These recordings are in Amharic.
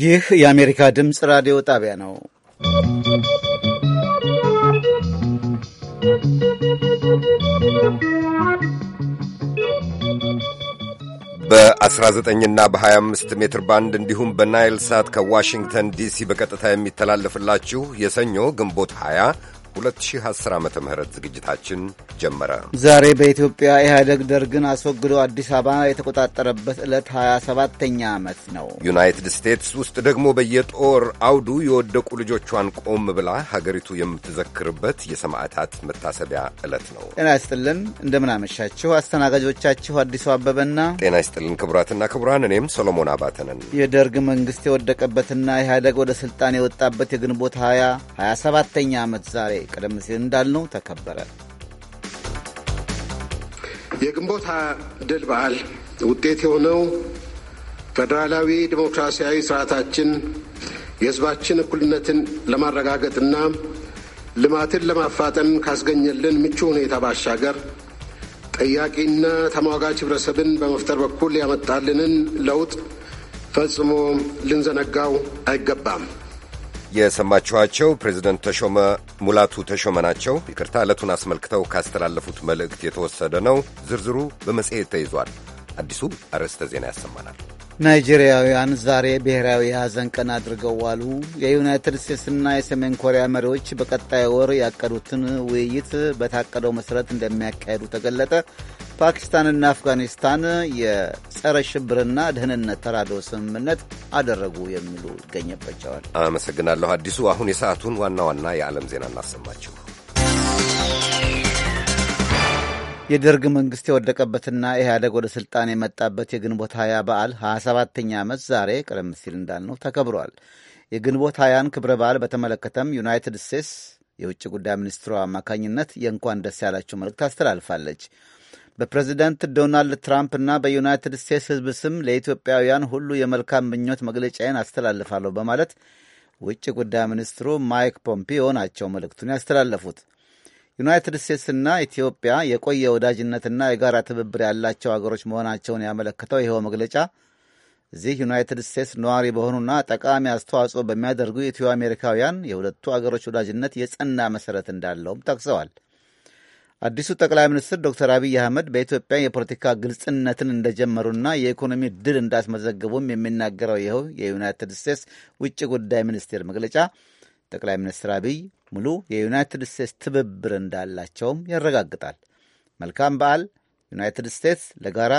ይህ የአሜሪካ ድምፅ ራዲዮ ጣቢያ ነው። በ19ና በ25 ሜትር ባንድ እንዲሁም በናይል ሳት ከዋሽንግተን ዲሲ በቀጥታ የሚተላለፍላችሁ የሰኞ ግንቦት 20 2010 ዓ ም ዝግጅታችን ጀመረ። ዛሬ በኢትዮጵያ ኢህአደግ ደርግን አስወግዶ አዲስ አበባ የተቆጣጠረበት ዕለት 27ተኛ ዓመት ነው። ዩናይትድ ስቴትስ ውስጥ ደግሞ በየጦር አውዱ የወደቁ ልጆቿን ቆም ብላ ሀገሪቱ የምትዘክርበት የሰማዕታት መታሰቢያ ዕለት ነው። ጤና ይስጥልን፣ እንደምናመሻችሁ። አስተናጋጆቻችሁ አዲሱ አበበና ጤና ይስጥልን ክቡራትና ክቡራን፣ እኔም ሰሎሞን አባተንን የደርግ መንግሥት የወደቀበትና ኢህአደግ ወደ ሥልጣን የወጣበት የግንቦት 20 27ተኛ ዓመት ዛሬ ቀደም ሲል እንዳልነው ተከበረ። የግንቦት ድል በዓል ውጤት የሆነው ፌዴራላዊ ዴሞክራሲያዊ ስርዓታችን የህዝባችን እኩልነትን ለማረጋገጥና ልማትን ለማፋጠን ካስገኘልን ምቹ ሁኔታ ባሻገር ጠያቂና ተሟጋች ህብረተሰብን በመፍጠር በኩል ያመጣልንን ለውጥ ፈጽሞ ልንዘነጋው አይገባም። የሰማችኋቸው ፕሬዚደንት ተሾመ ሙላቱ ተሾመ ናቸው። ይቅርታ፣ ዕለቱን አስመልክተው ካስተላለፉት መልእክት የተወሰደ ነው። ዝርዝሩ በመጽሔት ተይዟል። አዲሱ አርዕስተ ዜና ያሰማናል። ናይጄሪያውያን ዛሬ ብሔራዊ የሐዘን ቀን አድርገው ዋሉ። የዩናይትድ ስቴትስና የሰሜን ኮሪያ መሪዎች በቀጣይ ወር ያቀዱትን ውይይት በታቀደው መሠረት እንደሚያካሄዱ ተገለጠ። ፓኪስታንና አፍጋኒስታን የጸረ ሽብርና ደህንነት ተራድኦ ስምምነት አደረጉ የሚሉ ይገኘባቸዋል። አመሰግናለሁ አዲሱ። አሁን የሰዓቱን ዋና ዋና የዓለም ዜና እናሰማችሁ። የደርግ መንግስት የወደቀበትና ኢህአደግ ወደ ስልጣን የመጣበት የግንቦት ሀያ በዓል 27ኛ ዓመት ዛሬ ቀደም ሲል እንዳልነው ተከብሯል። የግንቦት ሀያን ክብረ በዓል በተመለከተም ዩናይትድ ስቴትስ የውጭ ጉዳይ ሚኒስትሯ አማካኝነት የእንኳን ደስ ያላቸው መልእክት አስተላልፋለች። በፕሬዚደንት ዶናልድ ትራምፕ እና በዩናይትድ ስቴትስ ህዝብ ስም ለኢትዮጵያውያን ሁሉ የመልካም ምኞት መግለጫዬን አስተላልፋለሁ በማለት ውጭ ጉዳይ ሚኒስትሩ ማይክ ፖምፒዮ ናቸው መልእክቱን ያስተላለፉት። ዩናይትድ ስቴትስና ኢትዮጵያ የቆየ ወዳጅነትና የጋራ ትብብር ያላቸው አገሮች መሆናቸውን ያመለክተው ይኸው መግለጫ እዚህ ዩናይትድ ስቴትስ ነዋሪ በሆኑና ጠቃሚ አስተዋጽኦ በሚያደርጉ ኢትዮ አሜሪካውያን የሁለቱ አገሮች ወዳጅነት የጸና መሠረት እንዳለውም ጠቅሰዋል። አዲሱ ጠቅላይ ሚኒስትር ዶክተር አብይ አህመድ በኢትዮጵያ የፖለቲካ ግልጽነትን እንደጀመሩና የኢኮኖሚ ድል እንዳስመዘገቡም የሚናገረው ይኸው የዩናይትድ ስቴትስ ውጭ ጉዳይ ሚኒስቴር መግለጫ ጠቅላይ ሚኒስትር አብይ ሙሉ የዩናይትድ ስቴትስ ትብብር እንዳላቸውም ያረጋግጣል። መልካም በዓል። ዩናይትድ ስቴትስ ለጋራ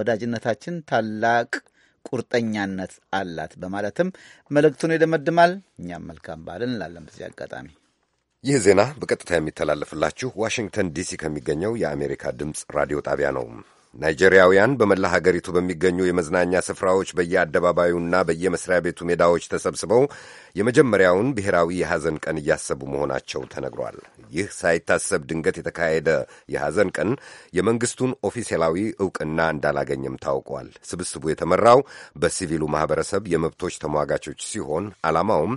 ወዳጅነታችን ታላቅ ቁርጠኛነት አላት በማለትም መልእክቱን ይደመድማል። እኛም መልካም በዓል እንላለን። በዚህ አጋጣሚ ይህ ዜና በቀጥታ የሚተላለፍላችሁ ዋሽንግተን ዲሲ ከሚገኘው የአሜሪካ ድምፅ ራዲዮ ጣቢያ ነው። ናይጄሪያውያን በመላ ሀገሪቱ በሚገኙ የመዝናኛ ስፍራዎች በየአደባባዩና በየመስሪያ ቤቱ ሜዳዎች ተሰብስበው የመጀመሪያውን ብሔራዊ የሐዘን ቀን እያሰቡ መሆናቸው ተነግሯል። ይህ ሳይታሰብ ድንገት የተካሄደ የሐዘን ቀን የመንግስቱን ኦፊሴላዊ እውቅና እንዳላገኘም ታውቋል። ስብስቡ የተመራው በሲቪሉ ማኅበረሰብ የመብቶች ተሟጋቾች ሲሆን ዓላማውም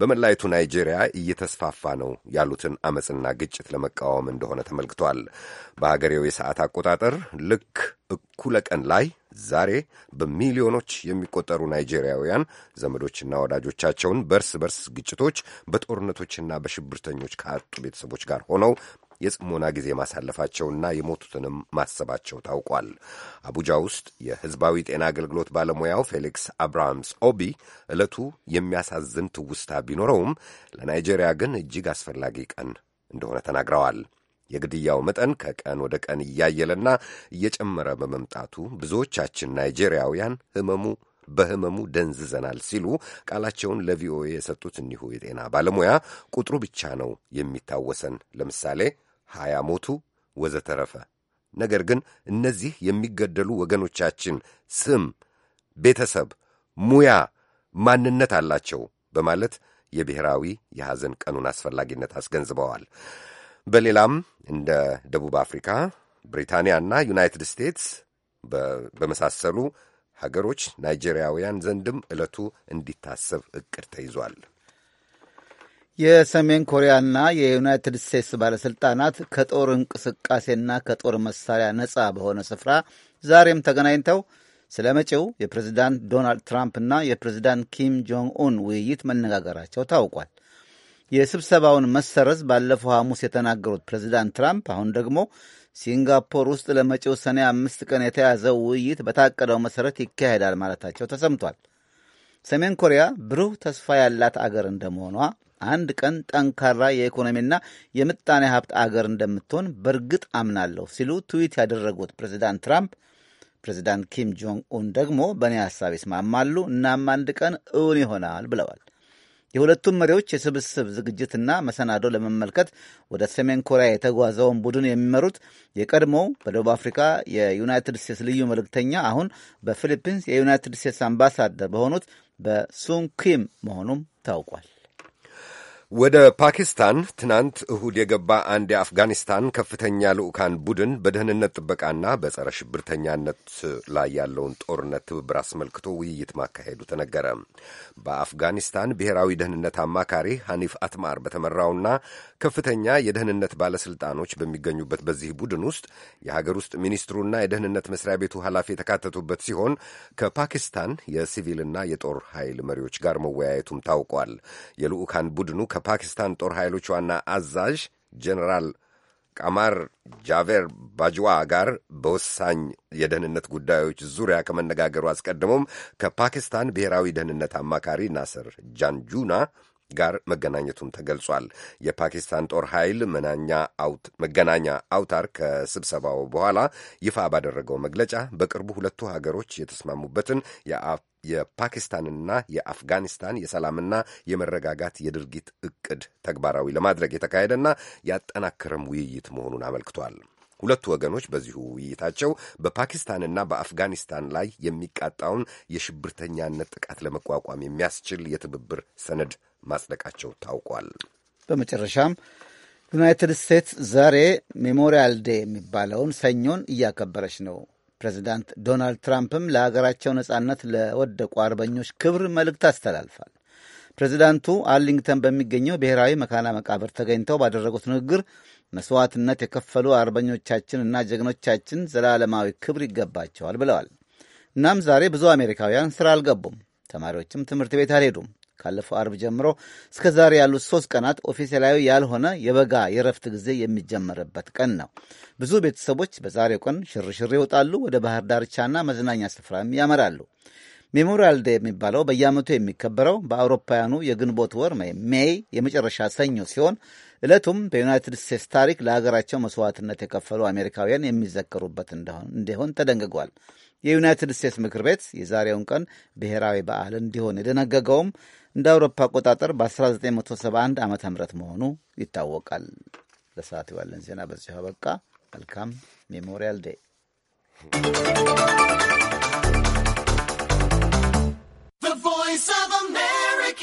በመላይቱ ናይጄሪያ እየተስፋፋ ነው ያሉትን አመፅና ግጭት ለመቃወም እንደሆነ ተመልክቷል። በሀገሬው የሰዓት አቆጣጠር ልክ እኩለ ቀን ላይ ዛሬ በሚሊዮኖች የሚቆጠሩ ናይጄሪያውያን ዘመዶችና ወዳጆቻቸውን በርስ በርስ ግጭቶች፣ በጦርነቶችና በሽብርተኞች ካጡ ቤተሰቦች ጋር ሆነው የጽሞና ጊዜ ማሳለፋቸውና የሞቱትንም ማሰባቸው ታውቋል። አቡጃ ውስጥ የሕዝባዊ ጤና አገልግሎት ባለሙያው ፌሊክስ አብርሃምስ ኦቢ ዕለቱ የሚያሳዝን ትውስታ ቢኖረውም ለናይጄሪያ ግን እጅግ አስፈላጊ ቀን እንደሆነ ተናግረዋል። የግድያው መጠን ከቀን ወደ ቀን እያየለና እየጨመረ በመምጣቱ ብዙዎቻችን ናይጄሪያውያን ህመሙ በህመሙ ደንዝዘናል ሲሉ ቃላቸውን ለቪኦኤ የሰጡት እኒሁ የጤና ባለሙያ ቁጥሩ ብቻ ነው የሚታወሰን። ለምሳሌ ሀያ ሞቱ ወዘተረፈ። ነገር ግን እነዚህ የሚገደሉ ወገኖቻችን ስም፣ ቤተሰብ፣ ሙያ፣ ማንነት አላቸው በማለት የብሔራዊ የሐዘን ቀኑን አስፈላጊነት አስገንዝበዋል። በሌላም እንደ ደቡብ አፍሪካ፣ ብሪታንያና ዩናይትድ ስቴትስ በመሳሰሉ ሀገሮች ናይጄሪያውያን ዘንድም ዕለቱ እንዲታሰብ እቅድ ተይዟል። የሰሜን ኮሪያና የዩናይትድ ስቴትስ ባለሥልጣናት ከጦር እንቅስቃሴና ከጦር መሳሪያ ነጻ በሆነ ስፍራ ዛሬም ተገናኝተው ስለ መጪው የፕሬዚዳንት ዶናልድ ትራምፕና የፕሬዚዳንት ኪም ጆንግ ኡን ውይይት መነጋገራቸው ታውቋል። የስብሰባውን መሰረዝ ባለፈው ሐሙስ የተናገሩት ፕሬዚዳንት ትራምፕ አሁን ደግሞ ሲንጋፖር ውስጥ ለመጪው ሰኔ አምስት ቀን የተያዘው ውይይት በታቀደው መሠረት ይካሄዳል ማለታቸው ተሰምቷል። ሰሜን ኮሪያ ብሩህ ተስፋ ያላት አገር እንደመሆኗ አንድ ቀን ጠንካራ የኢኮኖሚና የምጣኔ ሀብት አገር እንደምትሆን በእርግጥ አምናለሁ ሲሉ ትዊት ያደረጉት ፕሬዚዳንት ትራምፕ ፕሬዚዳንት ኪም ጆንግ ኡን ደግሞ በእኔ ሀሳብ ይስማማሉ፣ እናም አንድ ቀን እውን ይሆናል ብለዋል። የሁለቱም መሪዎች የስብስብ ዝግጅትና መሰናዶ ለመመልከት ወደ ሰሜን ኮሪያ የተጓዘውን ቡድን የሚመሩት የቀድሞው በደቡብ አፍሪካ የዩናይትድ ስቴትስ ልዩ መልእክተኛ አሁን በፊሊፒንስ የዩናይትድ ስቴትስ አምባሳደር በሆኑት በሱን ኪም መሆኑም ታውቋል። ወደ ፓኪስታን ትናንት እሁድ የገባ አንድ የአፍጋኒስታን ከፍተኛ ልዑካን ቡድን በደህንነት ጥበቃና በጸረ ሽብርተኛነት ላይ ያለውን ጦርነት ትብብር አስመልክቶ ውይይት ማካሄዱ ተነገረ። በአፍጋኒስታን ብሔራዊ ደህንነት አማካሪ ሐኒፍ አትማር በተመራውና ከፍተኛ የደህንነት ባለሥልጣኖች በሚገኙበት በዚህ ቡድን ውስጥ የሀገር ውስጥ ሚኒስትሩና የደህንነት መስሪያ ቤቱ ኃላፊ የተካተቱበት ሲሆን ከፓኪስታን የሲቪልና የጦር ኃይል መሪዎች ጋር መወያየቱም ታውቋል። የልዑካን ቡድኑ የፓኪስታን ጦር ኃይሎች ዋና አዛዥ ጀኔራል ቃማር ጃቬር ባጅዋ ጋር በወሳኝ የደህንነት ጉዳዮች ዙሪያ ከመነጋገሩ አስቀድሞም ከፓኪስታን ብሔራዊ ደህንነት አማካሪ ናስር ጃንጁና ጋር መገናኘቱም ተገልጿል። የፓኪስታን ጦር ኃይል መገናኛ አውታር ከስብሰባው በኋላ ይፋ ባደረገው መግለጫ በቅርቡ ሁለቱ ሀገሮች የተስማሙበትን የፓኪስታንና የአፍጋኒስታን የሰላምና የመረጋጋት የድርጊት እቅድ ተግባራዊ ለማድረግ የተካሄደና ያጠናከረም ውይይት መሆኑን አመልክቷል። ሁለቱ ወገኖች በዚሁ ውይይታቸው በፓኪስታንና በአፍጋኒስታን ላይ የሚቃጣውን የሽብርተኛነት ጥቃት ለመቋቋም የሚያስችል የትብብር ሰነድ ማጽደቃቸው ታውቋል። በመጨረሻም ዩናይትድ ስቴትስ ዛሬ ሜሞሪያል ዴ የሚባለውን ሰኞን እያከበረች ነው። ፕሬዚዳንት ዶናልድ ትራምፕም ለሀገራቸው ነጻነት ለወደቁ አርበኞች ክብር መልእክት አስተላልፋል። ፕሬዚዳንቱ አርሊንግተን በሚገኘው ብሔራዊ መካና መቃብር ተገኝተው ባደረጉት ንግግር መስዋዕትነት የከፈሉ አርበኞቻችን እና ጀግኖቻችን ዘላለማዊ ክብር ይገባቸዋል ብለዋል። እናም ዛሬ ብዙ አሜሪካውያን ስራ አልገቡም፣ ተማሪዎችም ትምህርት ቤት አልሄዱም። ካለፈው አርብ ጀምሮ እስከ ዛሬ ያሉት ሶስት ቀናት ኦፊሴላዊ ያልሆነ የበጋ የረፍት ጊዜ የሚጀመርበት ቀን ነው። ብዙ ቤተሰቦች በዛሬው ቀን ሽርሽር ይወጣሉ፣ ወደ ባህር ዳርቻና መዝናኛ ስፍራም ያመራሉ። ሜሞሪያል ዴ የሚባለው በየዓመቱ የሚከበረው በአውሮፓውያኑ የግንቦት ወር ሜይ የመጨረሻ ሰኞ ሲሆን ዕለቱም በዩናይትድ ስቴትስ ታሪክ ለሀገራቸው መስዋዕትነት የከፈሉ አሜሪካውያን የሚዘከሩበት እንዲሆን ተደንግጓል። የዩናይትድ ስቴትስ ምክር ቤት የዛሬውን ቀን ብሔራዊ በዓል እንዲሆን የደነገገውም እንደ አውሮፓ አቆጣጠር በ1971 ዓ ም መሆኑ ይታወቃል። ለሰዓት የዋለን ዜና በዚሁ አበቃ። መልካም ሜሞሪያል ዴይ። ቮይስ ኦፍ አሜሪካ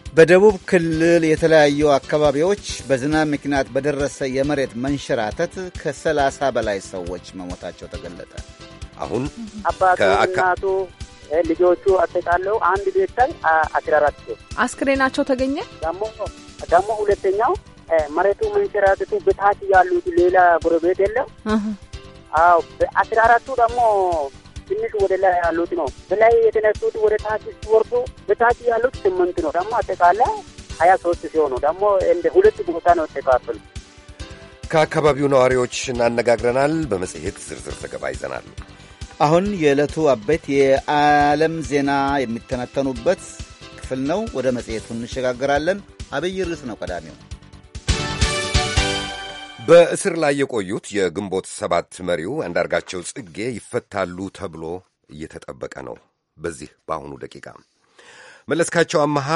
በደቡብ ክልል የተለያዩ አካባቢዎች በዝናብ ምክንያት በደረሰ የመሬት መንሸራተት ከ ከ30 በላይ ሰዎች መሞታቸው ተገለጠ። አሁን አባቱ፣ እናቱ፣ ልጆቹ አጠቃለው አንድ ቤት አስራ አራት አስክሬናቸው ተገኘ። ደግሞ ሁለተኛው መሬቱ መንሸራተቱ በታች ያሉት ሌላ ጎረቤት የለም። አዎ አራቱ ደግሞ ትንሽ ወደ ላይ ያሉት ነው። በላይ የተነሱት ወደ ታች ሲወርዱ በታች ያሉት ስምንት ነው። ደግሞ አጠቃላይ ሀያ ሶስት ሲሆኑ ደግሞ እንደ ሁለት ቦታ ነው ተካፈሉ። ከአካባቢው ነዋሪዎች እናነጋግረናል። በመጽሔት ዝርዝር ዘገባ ይዘናል። አሁን የዕለቱ አበይት የዓለም ዜና የሚተነተኑበት ክፍል ነው። ወደ መጽሔቱ እንሸጋግራለን። አብይ ርዕስ ነው ቀዳሚው በእስር ላይ የቆዩት የግንቦት ሰባት መሪው አንዳርጋቸው ጽጌ ይፈታሉ ተብሎ እየተጠበቀ ነው። በዚህ በአሁኑ ደቂቃ መለስካቸው አመሃ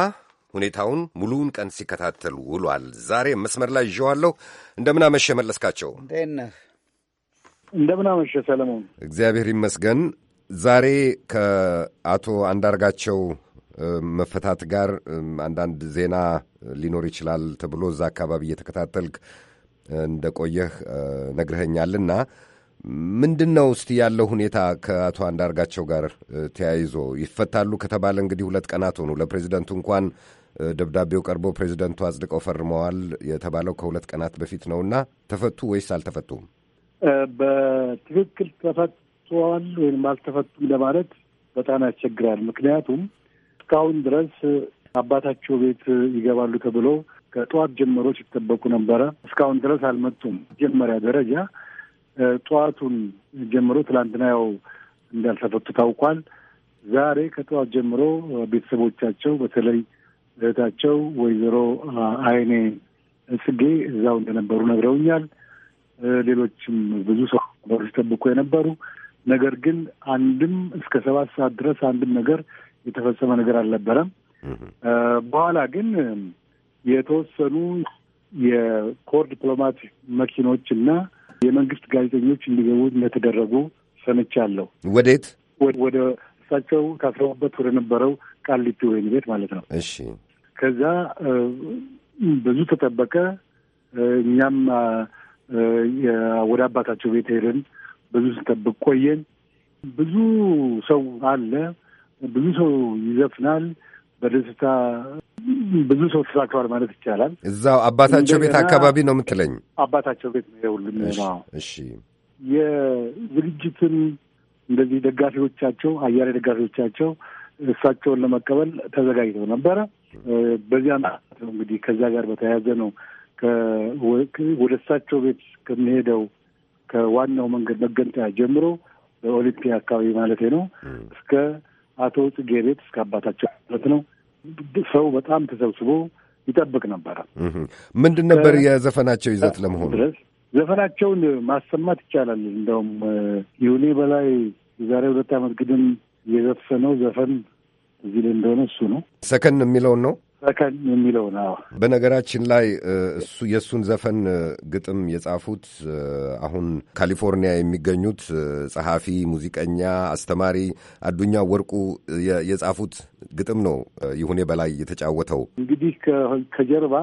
ሁኔታውን ሙሉውን ቀን ሲከታተል ውሏል። ዛሬ መስመር ላይ ይዤዋለሁ። እንደምናመሸ መለስካቸው። እንደምናመሸ ሰለሞን። እግዚአብሔር ይመስገን። ዛሬ ከአቶ አንዳርጋቸው መፈታት ጋር አንዳንድ ዜና ሊኖር ይችላል ተብሎ እዛ አካባቢ እየተከታተልክ እንደቆየህ ነግረኸኛልና ምንድን ነው እስቲ ያለው ሁኔታ ከአቶ አንዳርጋቸው ጋር ተያይዞ ይፈታሉ ከተባለ እንግዲህ ሁለት ቀናት ሆኑ። ለፕሬዚደንቱ እንኳን ደብዳቤው ቀርቦ ፕሬዚደንቱ አጽድቀው ፈርመዋል የተባለው ከሁለት ቀናት በፊት ነውና ተፈቱ ወይስ አልተፈቱም? በትክክል ተፈቷል ወይም አልተፈቱም ለማለት በጣም ያስቸግራል። ምክንያቱም እስካሁን ድረስ አባታቸው ቤት ይገባሉ ተብሎ ከጠዋት ጀምሮ ሲጠበቁ ነበረ። እስካሁን ድረስ አልመጡም። መጀመሪያ ደረጃ ጠዋቱን ጀምሮ ትላንትና ያው እንዳልተፈቱ ታውቋል። ዛሬ ከጠዋት ጀምሮ ቤተሰቦቻቸው በተለይ እህታቸው ወይዘሮ አይኔ ጽጌ እዛው እንደነበሩ ነግረውኛል። ሌሎችም ብዙ ሰው ሲጠብቁ የነበሩ ነገር ግን አንድም እስከ ሰባት ሰዓት ድረስ አንድም ነገር የተፈጸመ ነገር አልነበረም። በኋላ ግን የተወሰኑ የኮር ዲፕሎማት መኪኖች እና የመንግስት ጋዜጠኞች እንዲገቡ እንደተደረጉ ሰምቻለሁ። ወዴት? ወደ እሳቸው ካስረቡበት ወደ ነበረው ቃሊቲ ወህኒ ቤት ማለት ነው። እሺ። ከዛ ብዙ ተጠበቀ። እኛም ወደ አባታቸው ቤት ሄድን። ብዙ ስንጠብቅ ቆየን። ብዙ ሰው አለ። ብዙ ሰው ይዘፍናል። በደስታ ብዙ ሰው ተሳክቷል ማለት ይቻላል። እዛው አባታቸው ቤት አካባቢ ነው የምትለኝ? አባታቸው ቤት ነው የሁሉም። እሺ የዝግጅትን እንደዚህ ደጋፊዎቻቸው አያሌ ደጋፊዎቻቸው እሳቸውን ለመቀበል ተዘጋጅተው ነበረ። በዚያ ነው እንግዲህ ከዛ ጋር በተያያዘ ነው ወደ እሳቸው ቤት ከሚሄደው ከዋናው መንገድ መገንጠያ ጀምሮ በኦሊምፒያ አካባቢ ማለት ነው እስከ አቶ ጽጌ ቤት እስከ አባታቸው ማለት ነው ሰው በጣም ተሰብስቦ ይጠብቅ ነበረ። ምንድን ነበር የዘፈናቸው ይዘት ለመሆኑ? ዘፈናቸውን ማሰማት ይቻላል። እንደውም ይሁኔ በላይ የዛሬ ሁለት ዓመት ግድም የዘፈነው ዘፈን እዚህ ላይ እንደሆነ እሱ ነው። ሰከን የሚለውን ነው ሰከን የሚለው ነው። በነገራችን ላይ እሱ የእሱን ዘፈን ግጥም የጻፉት አሁን ካሊፎርኒያ የሚገኙት ጸሐፊ፣ ሙዚቀኛ፣ አስተማሪ አዱኛ ወርቁ የጻፉት ግጥም ነው ይሁኔ በላይ የተጫወተው። እንግዲህ ከጀርባ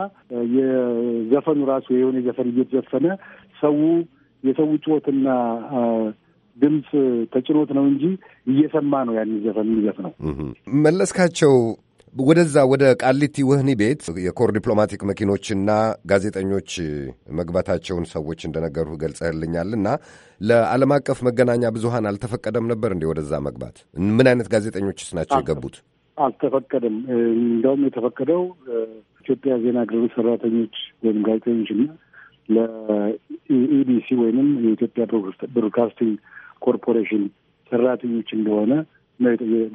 የዘፈኑ ራሱ የሆነ ዘፈን እየተዘፈነ ሰው የሰው ጩኸትና ድምፅ ተጭኖት ነው እንጂ እየሰማ ነው ያን ዘፈን የሚዘፍነው መለስካቸው ወደዛ ወደ ቃሊቲ ወህኒ ቤት የኮር ዲፕሎማቲክ መኪኖችና ጋዜጠኞች መግባታቸውን ሰዎች እንደነገሩ ገልጸህልኛልና ለዓለም አቀፍ መገናኛ ብዙሃን አልተፈቀደም ነበር እንዴ? ወደዛ መግባት ምን አይነት ጋዜጠኞችስ ናቸው የገቡት? አልተፈቀደም። እንደውም የተፈቀደው ኢትዮጵያ ዜና አገልግሎት ሰራተኞች ወይም ጋዜጠኞችና ለኢቢሲ ወይንም የኢትዮጵያ ብሮድካስቲንግ ኮርፖሬሽን ሰራተኞች እንደሆነ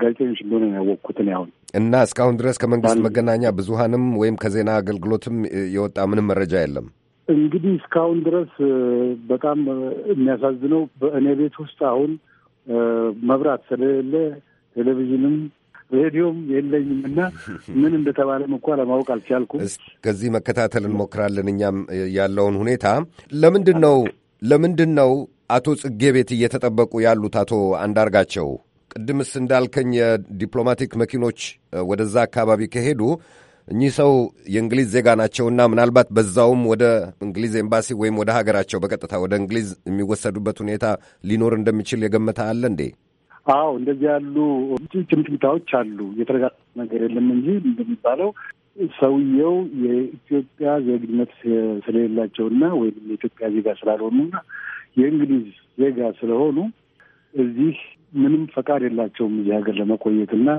ጋዜጠኞች እንደሆነ ያወቅኩትን ያሁን እና እስካሁን ድረስ ከመንግስት መገናኛ ብዙሀንም ወይም ከዜና አገልግሎትም የወጣ ምንም መረጃ የለም። እንግዲህ እስካሁን ድረስ በጣም የሚያሳዝነው በእኔ ቤት ውስጥ አሁን መብራት ስለሌለ ቴሌቪዥንም ሬዲዮም የለኝም እና ምን እንደተባለም እኳ ለማወቅ አልቻልኩም። ከዚህ መከታተል እንሞክራለን እኛም ያለውን ሁኔታ። ለምንድን ነው ለምንድን ነው አቶ ጽጌ ቤት እየተጠበቁ ያሉት አቶ አንዳርጋቸው? ቅድምስ እንዳልከኝ የዲፕሎማቲክ መኪኖች ወደዛ አካባቢ ከሄዱ እኚህ ሰው የእንግሊዝ ዜጋ ናቸውና ምናልባት በዛውም ወደ እንግሊዝ ኤምባሲ ወይም ወደ ሀገራቸው በቀጥታ ወደ እንግሊዝ የሚወሰዱበት ሁኔታ ሊኖር እንደሚችል የገመተ አለ እንዴ? አዎ እንደዚህ ያሉ ጭምጭምታዎች አሉ። የተረጋገጠ ነገር የለም እንጂ እንደሚባለው ሰውየው የኢትዮጵያ ዜግነት ስለሌላቸውና ወይም የኢትዮጵያ ዜጋ ስላልሆኑና የእንግሊዝ ዜጋ ስለሆኑ እዚህ ምንም ፈቃድ የላቸውም እዚህ ሀገር ለመቆየትና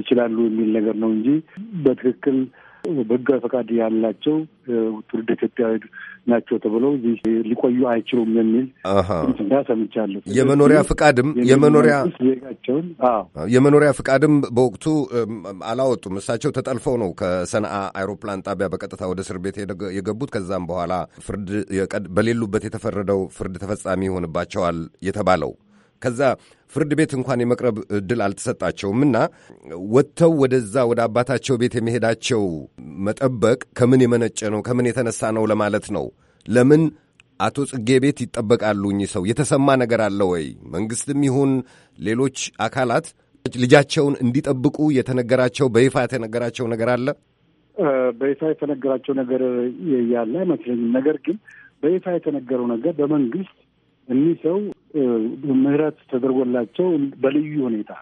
ይችላሉ የሚል ነገር ነው እንጂ በትክክል በህጋዊ ፈቃድ ያላቸው ትውልድ ኢትዮጵያዊ ናቸው ተብለው ሊቆዩ አይችሉም የሚል ና ሰምቻለሁ። የመኖሪያ ፍቃድም የመኖሪያ ዜጋቸውን የመኖሪያ ፍቃድም በወቅቱ አላወጡም። እሳቸው ተጠልፈው ነው ከሰንአ አይሮፕላን ጣቢያ በቀጥታ ወደ እስር ቤት የገቡት። ከዛም በኋላ ፍርድ በሌሉበት የተፈረደው ፍርድ ተፈጻሚ ይሆንባቸዋል የተባለው ከዛ ፍርድ ቤት እንኳን የመቅረብ እድል አልተሰጣቸውም እና ወጥተው ወደዛ ወደ አባታቸው ቤት የመሄዳቸው መጠበቅ ከምን የመነጨ ነው? ከምን የተነሳ ነው ለማለት ነው። ለምን አቶ ጽጌ ቤት ይጠበቃሉ? እኚህ ሰው የተሰማ ነገር አለ ወይ? መንግስትም ይሁን ሌሎች አካላት ልጃቸውን እንዲጠብቁ የተነገራቸው በይፋ የተነገራቸው ነገር አለ? በይፋ የተነገራቸው ነገር ያለ አይመስለኝም። ነገር ግን በይፋ የተነገረው ነገር በመንግስት እኒህ ሰው ምህረት ተደርጎላቸው በልዩ ሁኔታ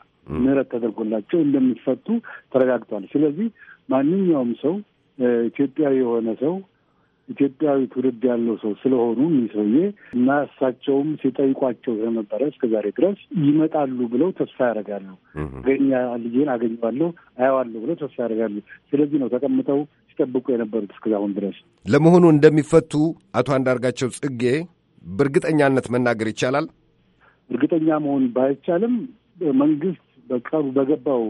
ምህረት ተደርጎላቸው እንደሚፈቱ ተረጋግጧል። ስለዚህ ማንኛውም ሰው ኢትዮጵያዊ የሆነ ሰው ኢትዮጵያዊ ትውልድ ያለው ሰው ስለሆኑ እኒህ ሰውዬ እና እሳቸውም ሲጠይቋቸው ስለነበረ ዛሬ ድረስ ይመጣሉ ብለው ተስፋ ያደርጋሉ። ገኛ ልጄን አገኘዋለሁ አያዋለሁ ብለው ተስፋ ያደርጋሉ። ስለዚህ ነው ተቀምጠው ሲጠብቁ የነበሩት እስከዛሁን ድረስ። ለመሆኑ እንደሚፈቱ አቶ አንዳርጋቸው ጽጌ በእርግጠኛነት መናገር ይቻላል? እርግጠኛ መሆን ባይቻልም መንግስት በቀሩ በገባው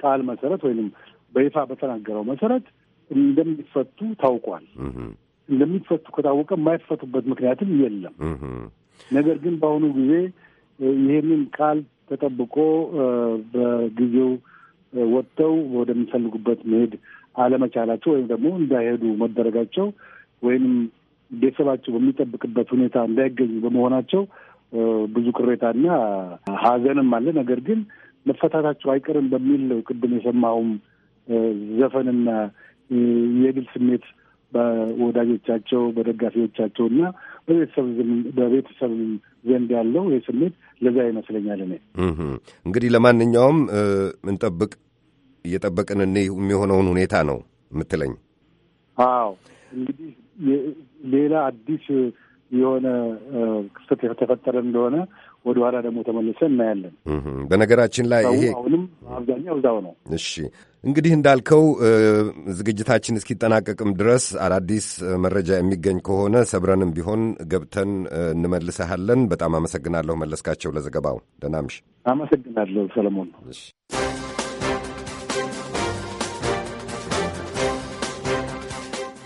ቃል መሰረት ወይም በይፋ በተናገረው መሰረት እንደሚፈቱ ታውቋል። እንደሚፈቱ ከታወቀ የማይፈቱበት ምክንያትም የለም። ነገር ግን በአሁኑ ጊዜ ይህንን ቃል ተጠብቆ በጊዜው ወጥተው ወደሚፈልጉበት መሄድ አለመቻላቸው ወይም ደግሞ እንዳይሄዱ መደረጋቸው ወይም ቤተሰባቸው በሚጠብቅበት ሁኔታ እንዳይገኙ በመሆናቸው ብዙ ቅሬታና ሀዘንም አለ። ነገር ግን መፈታታቸው አይቀርም በሚል ቅድም የሰማሁም ዘፈንና የድል ስሜት በወዳጆቻቸው በደጋፊዎቻቸው እና በቤተሰብ ዘንድ ያለው ይህ ስሜት ለዛ ይመስለኛል። እኔ እንግዲህ ለማንኛውም እንጠብቅ እየጠበቅን እኔ የሚሆነውን ሁኔታ ነው የምትለኝ? አዎ እንግዲህ ሌላ አዲስ የሆነ ክስተት የተፈጠረ እንደሆነ ወደ ኋላ ደግሞ ተመልሰ እናያለን። በነገራችን ላይ ይሄ አሁንም አብዛኛው እዛው ነው። እሺ እንግዲህ እንዳልከው ዝግጅታችን እስኪጠናቀቅም ድረስ አዳዲስ መረጃ የሚገኝ ከሆነ ሰብረንም ቢሆን ገብተን እንመልሰሃለን። በጣም አመሰግናለሁ መለስካቸው ለዘገባው። ደህና አመሰግናለሁ ሰለሞን።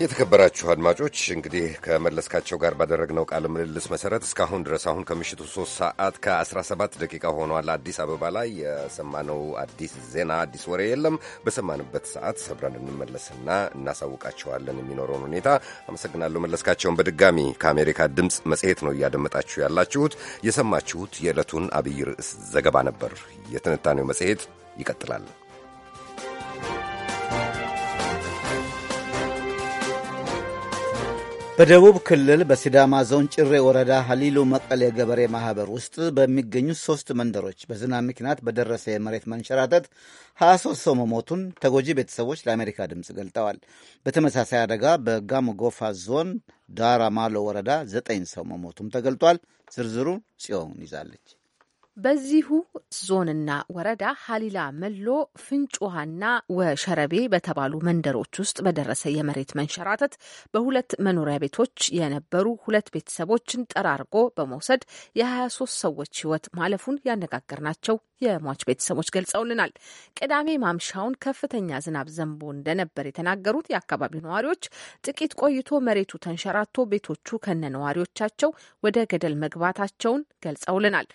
የተከበራችሁ አድማጮች እንግዲህ ከመለስካቸው ጋር ባደረግነው ቃለ ምልልስ መሰረት እስካሁን ድረስ አሁን ከምሽቱ 3 ሰዓት ከ17 ደቂቃ ሆኗል። አዲስ አበባ ላይ የሰማነው አዲስ ዜና አዲስ ወሬ የለም። በሰማንበት ሰዓት ሰብረን እንመለስና እናሳውቃቸዋለን የሚኖረውን ሁኔታ። አመሰግናለሁ መለስካቸውን። በድጋሚ ከአሜሪካ ድምፅ መጽሔት ነው እያደመጣችሁ ያላችሁት። የሰማችሁት የዕለቱን አብይ ርዕስ ዘገባ ነበር። የትንታኔው መጽሔት ይቀጥላል። በደቡብ ክልል በሲዳማ ዞን ጭሬ ወረዳ ሀሊሉ መቀሌ ገበሬ ማህበር ውስጥ በሚገኙ ሶስት መንደሮች በዝናብ ምክንያት በደረሰ የመሬት መንሸራተት 23 ሰው መሞቱን ተጎጂ ቤተሰቦች ለአሜሪካ ድምፅ ገልጠዋል። በተመሳሳይ አደጋ በጋሞ ጎፋ ዞን ዳራ ማሎ ወረዳ ዘጠኝ ሰው መሞቱም ተገልጧል። ዝርዝሩ ጽዮን ይዛለች። በዚሁ ዞንና ወረዳ ሀሊላ መሎ፣ ፍንጭ ወሸረቤ በተባሉ መንደሮች ውስጥ በደረሰ የመሬት መንሸራተት በሁለት መኖሪያ ቤቶች የነበሩ ሁለት ቤተሰቦችን ጠራርጎ በመውሰድ የ23 ሰዎች ህይወት ማለፉን ያነጋገርናቸው የሟች ቤተሰቦች ገልጸውልናል። ቅዳሜ ማምሻውን ከፍተኛ ዝናብ ዘንቦ እንደነበር የተናገሩት የአካባቢው ነዋሪዎች ጥቂት ቆይቶ መሬቱ ተንሸራቶ ቤቶቹ ከነ ነዋሪዎቻቸው ወደ ገደል መግባታቸውን ገልጸውልናል።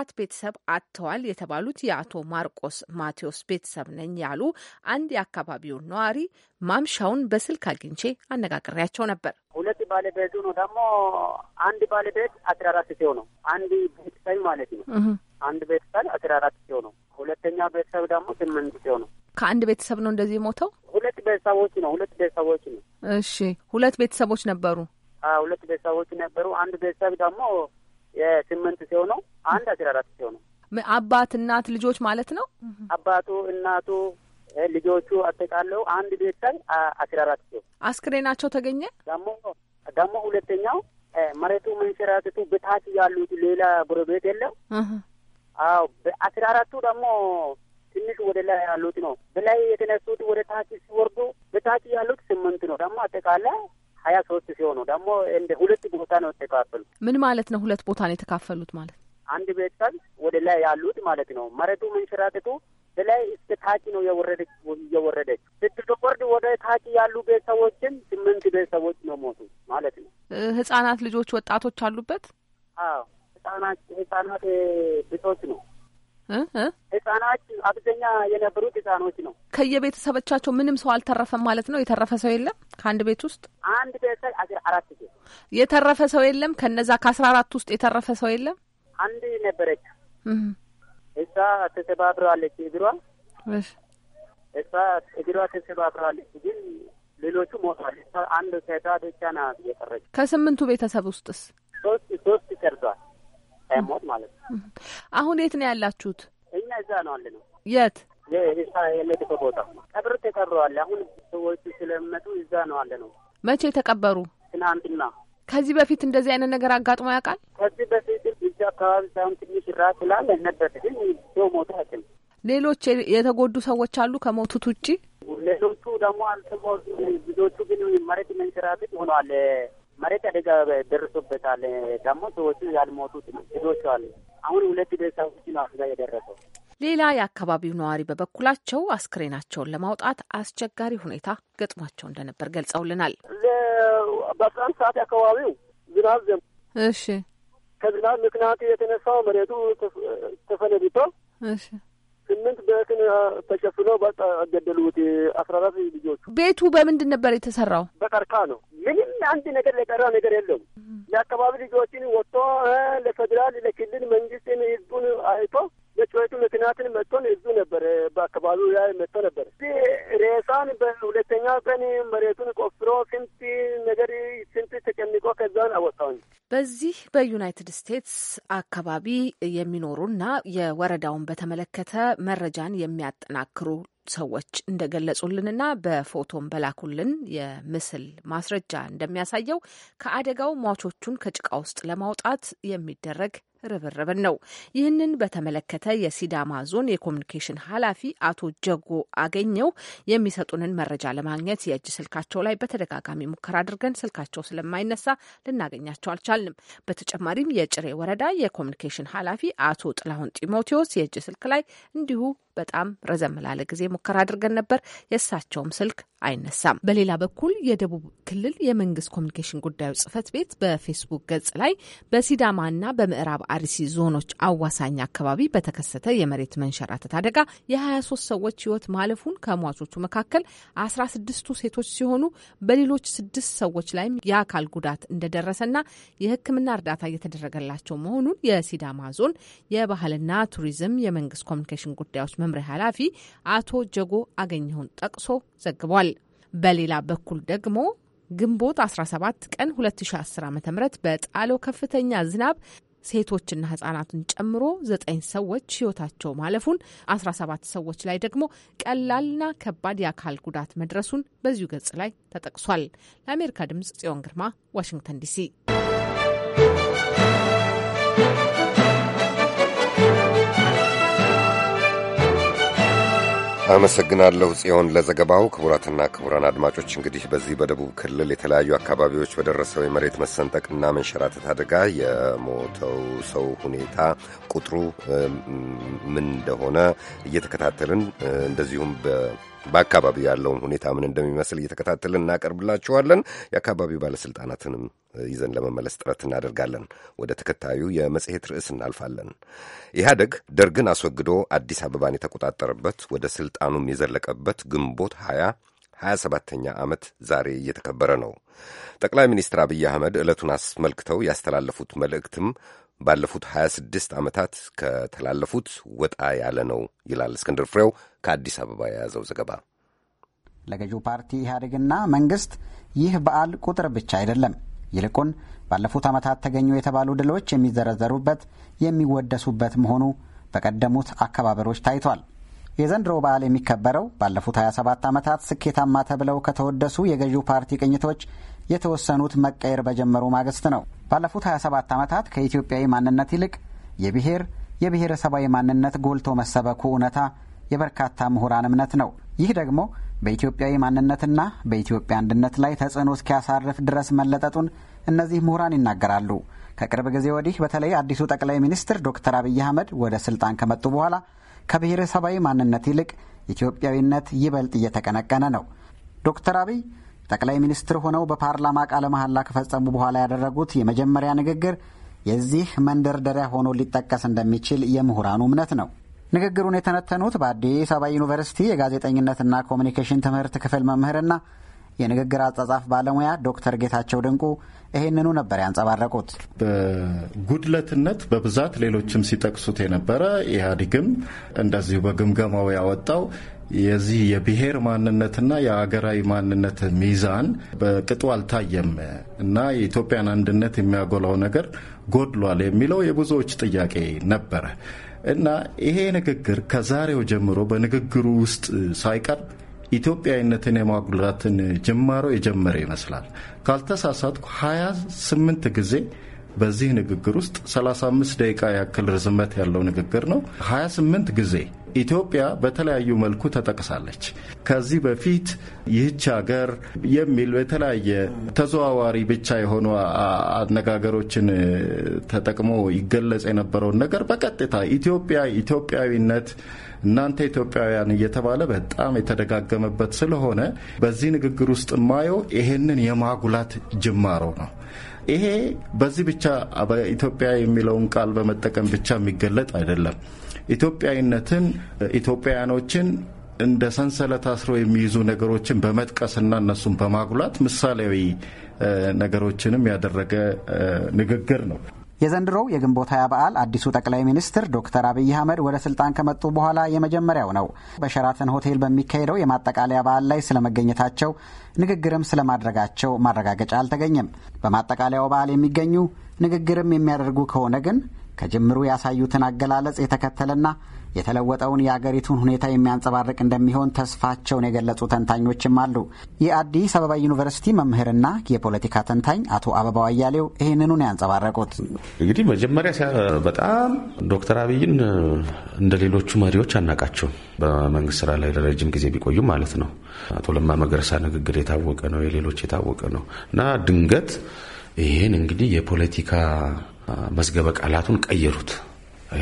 አራት ቤተሰብ አጥተዋል የተባሉት የአቶ ማርቆስ ማቴዎስ ቤተሰብ ነኝ ያሉ አንድ የአካባቢው ነዋሪ ማምሻውን በስልክ አግኝቼ አነጋግሬያቸው ነበር። ሁለት ባለቤቱ ነው ደግሞ አንድ ባለቤት አስራ አራት ሲሆን ነው አንድ ቤተሰብ ማለት ነው። አንድ ቤተሰብ አስራ አራት ሲሆን ነው። ሁለተኛ ቤተሰብ ደግሞ ስምንት ሲሆን ነው። ከአንድ ቤተሰብ ነው እንደዚህ ሞተው? ሁለት ቤተሰቦች ነው። ሁለት ቤተሰቦች ነው። እሺ፣ ሁለት ቤተሰቦች ነበሩ። ሁለት ቤተሰቦች ነበሩ። አንድ ቤተሰብ ደግሞ የስምንት ሰው ነው አንድ አስራ አራት ሰው ነው። አባት እናት ልጆች ማለት ነው። አባቱ እናቱ ልጆቹ አጠቃለው አንድ ቤተሰብ አስራ አራት ሲሆን አስክሬናቸው ተገኘ። ደግሞ ደግሞ ሁለተኛው መሬቱ መንሸራተቱ በታች ያሉት ሌላ ጎረቤት የለም። አዎ በአስራ አራቱ ደግሞ ትንሽ ወደ ላይ ያሉት ነው። በላይ የተነሱት ወደ ታች ሲወርዱ በታች ያሉት ስምንት ነው። ደግሞ አጠቃላይ ሀያ ሶስት ሲሆኑ ደግሞ እንደ ሁለት ቦታ ነው የተካፈሉ። ምን ማለት ነው? ሁለት ቦታ ነው የተካፈሉት ማለት አንድ ቤተሰብ ወደ ላይ ያሉት ማለት ነው። መሬቱ መንሸራተቱ በላይ እስከ ታች ነው የወረደች እየወረደች ስትወርድ ወደ ታች ያሉ ቤተሰቦችን ስምንት ቤተሰቦች ነው ሞቱ ማለት ነው። ህጻናት ልጆች፣ ወጣቶች አሉበት። አዎ ህጻናት ህጻናት ብቶች ነው ህጻናት አብዛኛ የነበሩት ህጻኖች ነው። ከየቤተሰቦቻቸው ምንም ሰው አልተረፈም ማለት ነው። የተረፈ ሰው የለም። ከአንድ ቤት ውስጥ አንድ ቤተሰብ አስራ አራት ቤት የተረፈ ሰው የለም። ከነዛ ከአስራ አራት ውስጥ የተረፈ ሰው የለም። አንድ ነበረች እሷ ተሰባብረዋለች። እግሯ እሷ እግሯ ተሰባብረዋለች ግን ሌሎቹ ሞቷል። አንድ ሴቷ ብቻ ናት የቀረች። ከስምንቱ ቤተሰብ ውስጥስ ሶስት ሶስት ይቀርዟል። ሳይሞት ማለት ነው። አሁን የት ነው ያላችሁት? እኛ እዛ ነው አለ ነው። የት የሜዲኮ ቦታ ቀብር ተቀብረዋል። አሁን ሰዎቹ ስለመጡ እዛ ነው አለ ነው። መቼ ተቀበሩ? ትናንትና። ከዚህ በፊት እንደዚህ አይነት ነገር አጋጥሞ ያውቃል? ከዚህ በፊት እዛ አካባቢ ሳይሆን ትንሽ ራ ስላለ ነበር፣ ግን ሰው ሞተ ያቅል ሌሎች የተጎዱ ሰዎች አሉ ከሞቱት ውጭ? ሌሎቹ ደግሞ አልተጎዱ፣ ብዙዎቹ ግን መሬት መንሸራተት ሆኗል። መሬት አደጋ ደርሶበታል። ደግሞ ሰዎቹ ያልሞቱት ልጆች አሉ። አሁን ሁለት ቤተሰቦች ነው አደጋ የደረሰው። ሌላ የአካባቢው ነዋሪ በበኩላቸው አስክሬናቸውን ለማውጣት አስቸጋሪ ሁኔታ ገጥሟቸው እንደነበር ገልጸውልናል። በአስራ አንድ ሰዓት አካባቢው ዝናብ ዘም እሺ፣ ከዝናብ ምክንያቱ የተነሳው መሬቱ ተፈነድቶ እሺ ስምንት በትን ተሸፍነው በቃ ገደሉት። አስራ አራት ልጆቹ። ቤቱ በምንድን ነበር የተሰራው? በቀርካ ነው። ምንም አንድ ነገር ለቀራ ነገር የለው ለአካባቢ ልጆችን ወጥቶ ለፌዴራል ለክልል መንግስትን ህዝቡን አይቶ በጩኸቱ ምክንያትን መጥቶን እዙ ነበር በአካባቢው ላይ መጥቶ ነበር። ሬሳን በሁለተኛ ቀን መሬቱን ቆፍሮ ስንት ነገር ስንት ተጨንቆ ከዛን አወጣውን። በዚህ በዩናይትድ ስቴትስ አካባቢ የሚኖሩና የወረዳውን በተመለከተ መረጃን የሚያጠናክሩ ሰዎች እንደገለጹልንና በፎቶም በላኩልን የምስል ማስረጃ እንደሚያሳየው ከአደጋው ሟቾቹን ከጭቃ ውስጥ ለማውጣት የሚደረግ ርብርብን ነው። ይህንን በተመለከተ የሲዳማ ዞን የኮሚኒኬሽን ኃላፊ አቶ ጀጎ አገኘው የሚሰጡንን መረጃ ለማግኘት የእጅ ስልካቸው ላይ በተደጋጋሚ ሙከራ አድርገን ስልካቸው ስለማይነሳ ልናገኛቸው አልቻልንም። በተጨማሪም የጭሬ ወረዳ የኮሚኒኬሽን ኃላፊ አቶ ጥላሁን ጢሞቴዎስ የእጅ ስልክ ላይ እንዲሁ በጣም ረዘም ላለ ጊዜ ሙከራ አድርገን ነበር። የእሳቸውም ስልክ አይነሳም። በሌላ በኩል የደቡብ ክልል የመንግስት ኮሚኒኬሽን ጉዳዮች ጽህፈት ቤት በፌስቡክ ገጽ ላይ በሲዳማና በምዕራብ አርሲ ዞኖች አዋሳኝ አካባቢ በተከሰተ የመሬት መንሸራተት አደጋ የ23 ሰዎች ህይወት ማለፉን ከሟቾቹ መካከል 16ቱ ሴቶች ሲሆኑ በሌሎች ስድስት ሰዎች ላይም የአካል ጉዳት እንደደረሰና የሕክምና እርዳታ እየተደረገላቸው መሆኑን የሲዳማ ዞን የባህልና ቱሪዝም የመንግስት ኮሚኒኬሽን ጉዳዮች መምሪያ ኃላፊ አቶ ጀጎ አገኘሁን ጠቅሶ ዘግቧል። በሌላ በኩል ደግሞ ግንቦት 17 ቀን 2010 ዓ ም በጣለው ከፍተኛ ዝናብ ሴቶችና ህጻናትን ጨምሮ ዘጠኝ ሰዎች ህይወታቸው ማለፉን 17 ሰዎች ላይ ደግሞ ቀላልና ከባድ የአካል ጉዳት መድረሱን በዚሁ ገጽ ላይ ተጠቅሷል። ለአሜሪካ ድምጽ ጽዮን ግርማ ዋሽንግተን ዲሲ አመሰግናለሁ ጽዮን ለዘገባው። ክቡራትና ክቡራን አድማጮች እንግዲህ በዚህ በደቡብ ክልል የተለያዩ አካባቢዎች በደረሰው የመሬት መሰንጠቅና መንሸራተት አደጋ የሞተው ሰው ሁኔታ ቁጥሩ ምን እንደሆነ እየተከታተልን እንደዚሁም በአካባቢው ያለውን ሁኔታ ምን እንደሚመስል እየተከታተልን እናቀርብላችኋለን። የአካባቢው ባለሥልጣናትንም ይዘን ለመመለስ ጥረት እናደርጋለን። ወደ ተከታዩ የመጽሔት ርዕስ እናልፋለን። ኢህአደግ ደርግን አስወግዶ አዲስ አበባን የተቆጣጠረበት ወደ ሥልጣኑም የዘለቀበት ግንቦት ሀያ ሀያ ሰባተኛ ዓመት ዛሬ እየተከበረ ነው። ጠቅላይ ሚኒስትር አብይ አህመድ ዕለቱን አስመልክተው ያስተላለፉት መልእክትም ባለፉት 26 ዓመታት ከተላለፉት ወጣ ያለ ነው ይላል እስክንድር ፍሬው ከአዲስ አበባ የያዘው ዘገባ። ለገዢው ፓርቲ ኢህአዴግና መንግስት ይህ በዓል ቁጥር ብቻ አይደለም። ይልቁን ባለፉት ዓመታት ተገኙ የተባሉ ድሎች የሚዘረዘሩበት የሚወደሱበት መሆኑ በቀደሙት አከባበሮች ታይቷል። የዘንድሮ በዓል የሚከበረው ባለፉት 27 ዓመታት ስኬታማ ተብለው ከተወደሱ የገዢው ፓርቲ ቅኝቶች የተወሰኑት መቀየር በጀመሩ ማግስት ነው። ባለፉት 27 ዓመታት ከኢትዮጵያዊ ማንነት ይልቅ የብሔር የብሔረሰባዊ ማንነት ጎልቶ መሰበኩ እውነታ የበርካታ ምሁራን እምነት ነው። ይህ ደግሞ በኢትዮጵያዊ ማንነትና በኢትዮጵያ አንድነት ላይ ተጽዕኖ እስኪያሳርፍ ድረስ መለጠጡን እነዚህ ምሁራን ይናገራሉ። ከቅርብ ጊዜ ወዲህ በተለይ አዲሱ ጠቅላይ ሚኒስትር ዶክተር አብይ አህመድ ወደ ስልጣን ከመጡ በኋላ ከብሔረሰባዊ ማንነት ይልቅ ኢትዮጵያዊነት ይበልጥ እየተቀነቀነ ነው። ዶክተር አብይ ጠቅላይ ሚኒስትር ሆነው በፓርላማ ቃለ መሐላ ከፈጸሙ በኋላ ያደረጉት የመጀመሪያ ንግግር የዚህ መንደርደሪያ ሆኖ ሊጠቀስ እንደሚችል የምሁራኑ እምነት ነው። ንግግሩን የተነተኑት በአዲስ አበባ ዩኒቨርሲቲ የጋዜጠኝነትና ኮሚኒኬሽን ትምህርት ክፍል መምህርና የንግግር አጻጻፍ ባለሙያ ዶክተር ጌታቸው ድንቁ ይህንኑ ነበር ያንጸባረቁት። በጉድለትነት በብዛት ሌሎችም ሲጠቅሱት የነበረ ኢህአዴግም እንደዚሁ በግምገማው ያወጣው የዚህ የብሔር ማንነትና የአገራዊ ማንነት ሚዛን በቅጡ አልታየም እና የኢትዮጵያን አንድነት የሚያጎላው ነገር ጎድሏል የሚለው የብዙዎች ጥያቄ ነበረ እና ይሄ ንግግር ከዛሬው ጀምሮ በንግግሩ ውስጥ ሳይቀር ኢትዮጵያዊነትን የማጉላትን ጅማሮ የጀመረ ይመስላል። ካልተሳሳትኩ 28 ጊዜ በዚህ ንግግር ውስጥ 35 ደቂቃ ያክል ርዝመት ያለው ንግግር ነው። 28 ጊዜ ኢትዮጵያ በተለያዩ መልኩ ተጠቅሳለች። ከዚህ በፊት ይህች ሀገር የሚል የተለያየ ተዘዋዋሪ ብቻ የሆኑ አነጋገሮችን ተጠቅሞ ይገለጽ የነበረውን ነገር በቀጥታ ኢትዮጵያ፣ ኢትዮጵያዊነት እናንተ ኢትዮጵያውያን እየተባለ በጣም የተደጋገመበት ስለሆነ በዚህ ንግግር ውስጥ ማየው ይሄንን የማጉላት ጅማሮ ነው። ይሄ በዚህ ብቻ በኢትዮጵያ የሚለውን ቃል በመጠቀም ብቻ የሚገለጥ አይደለም። ኢትዮጵያዊነትን ኢትዮጵያውያኖችን እንደ ሰንሰለት አስሮ የሚይዙ ነገሮችን በመጥቀስና እነሱን በማጉላት ምሳሌያዊ ነገሮችንም ያደረገ ንግግር ነው። የዘንድሮው የግንቦት ሀያ በዓል አዲሱ ጠቅላይ ሚኒስትር ዶክተር አብይ አህመድ ወደ ስልጣን ከመጡ በኋላ የመጀመሪያው ነው። በሸራተን ሆቴል በሚካሄደው የማጠቃለያ በዓል ላይ ስለመገኘታቸው ንግግርም ስለማድረጋቸው ማረጋገጫ አልተገኘም። በማጠቃለያው በዓል የሚገኙ ንግግርም የሚያደርጉ ከሆነ ግን ከጅምሩ ያሳዩትን አገላለጽ የተከተለና የተለወጠውን የአገሪቱን ሁኔታ የሚያንጸባርቅ እንደሚሆን ተስፋቸውን የገለጹ ተንታኞችም አሉ። የአዲስ አበባ ዩኒቨርሲቲ መምህርና የፖለቲካ ተንታኝ አቶ አበባው አያሌው ይህንኑን ያንጸባረቁት እንግዲህ መጀመሪያ በጣም ዶክተር አብይን እንደ ሌሎቹ መሪዎች አናቃቸውም። በመንግስት ስራ ላይ ለረጅም ጊዜ ቢቆዩም ማለት ነው። አቶ ለማ መገረሳ ንግግር የታወቀ ነው፣ የሌሎች የታወቀ ነው እና ድንገት ይህን እንግዲህ የፖለቲካ መዝገበ ቃላቱን ቀየሩት።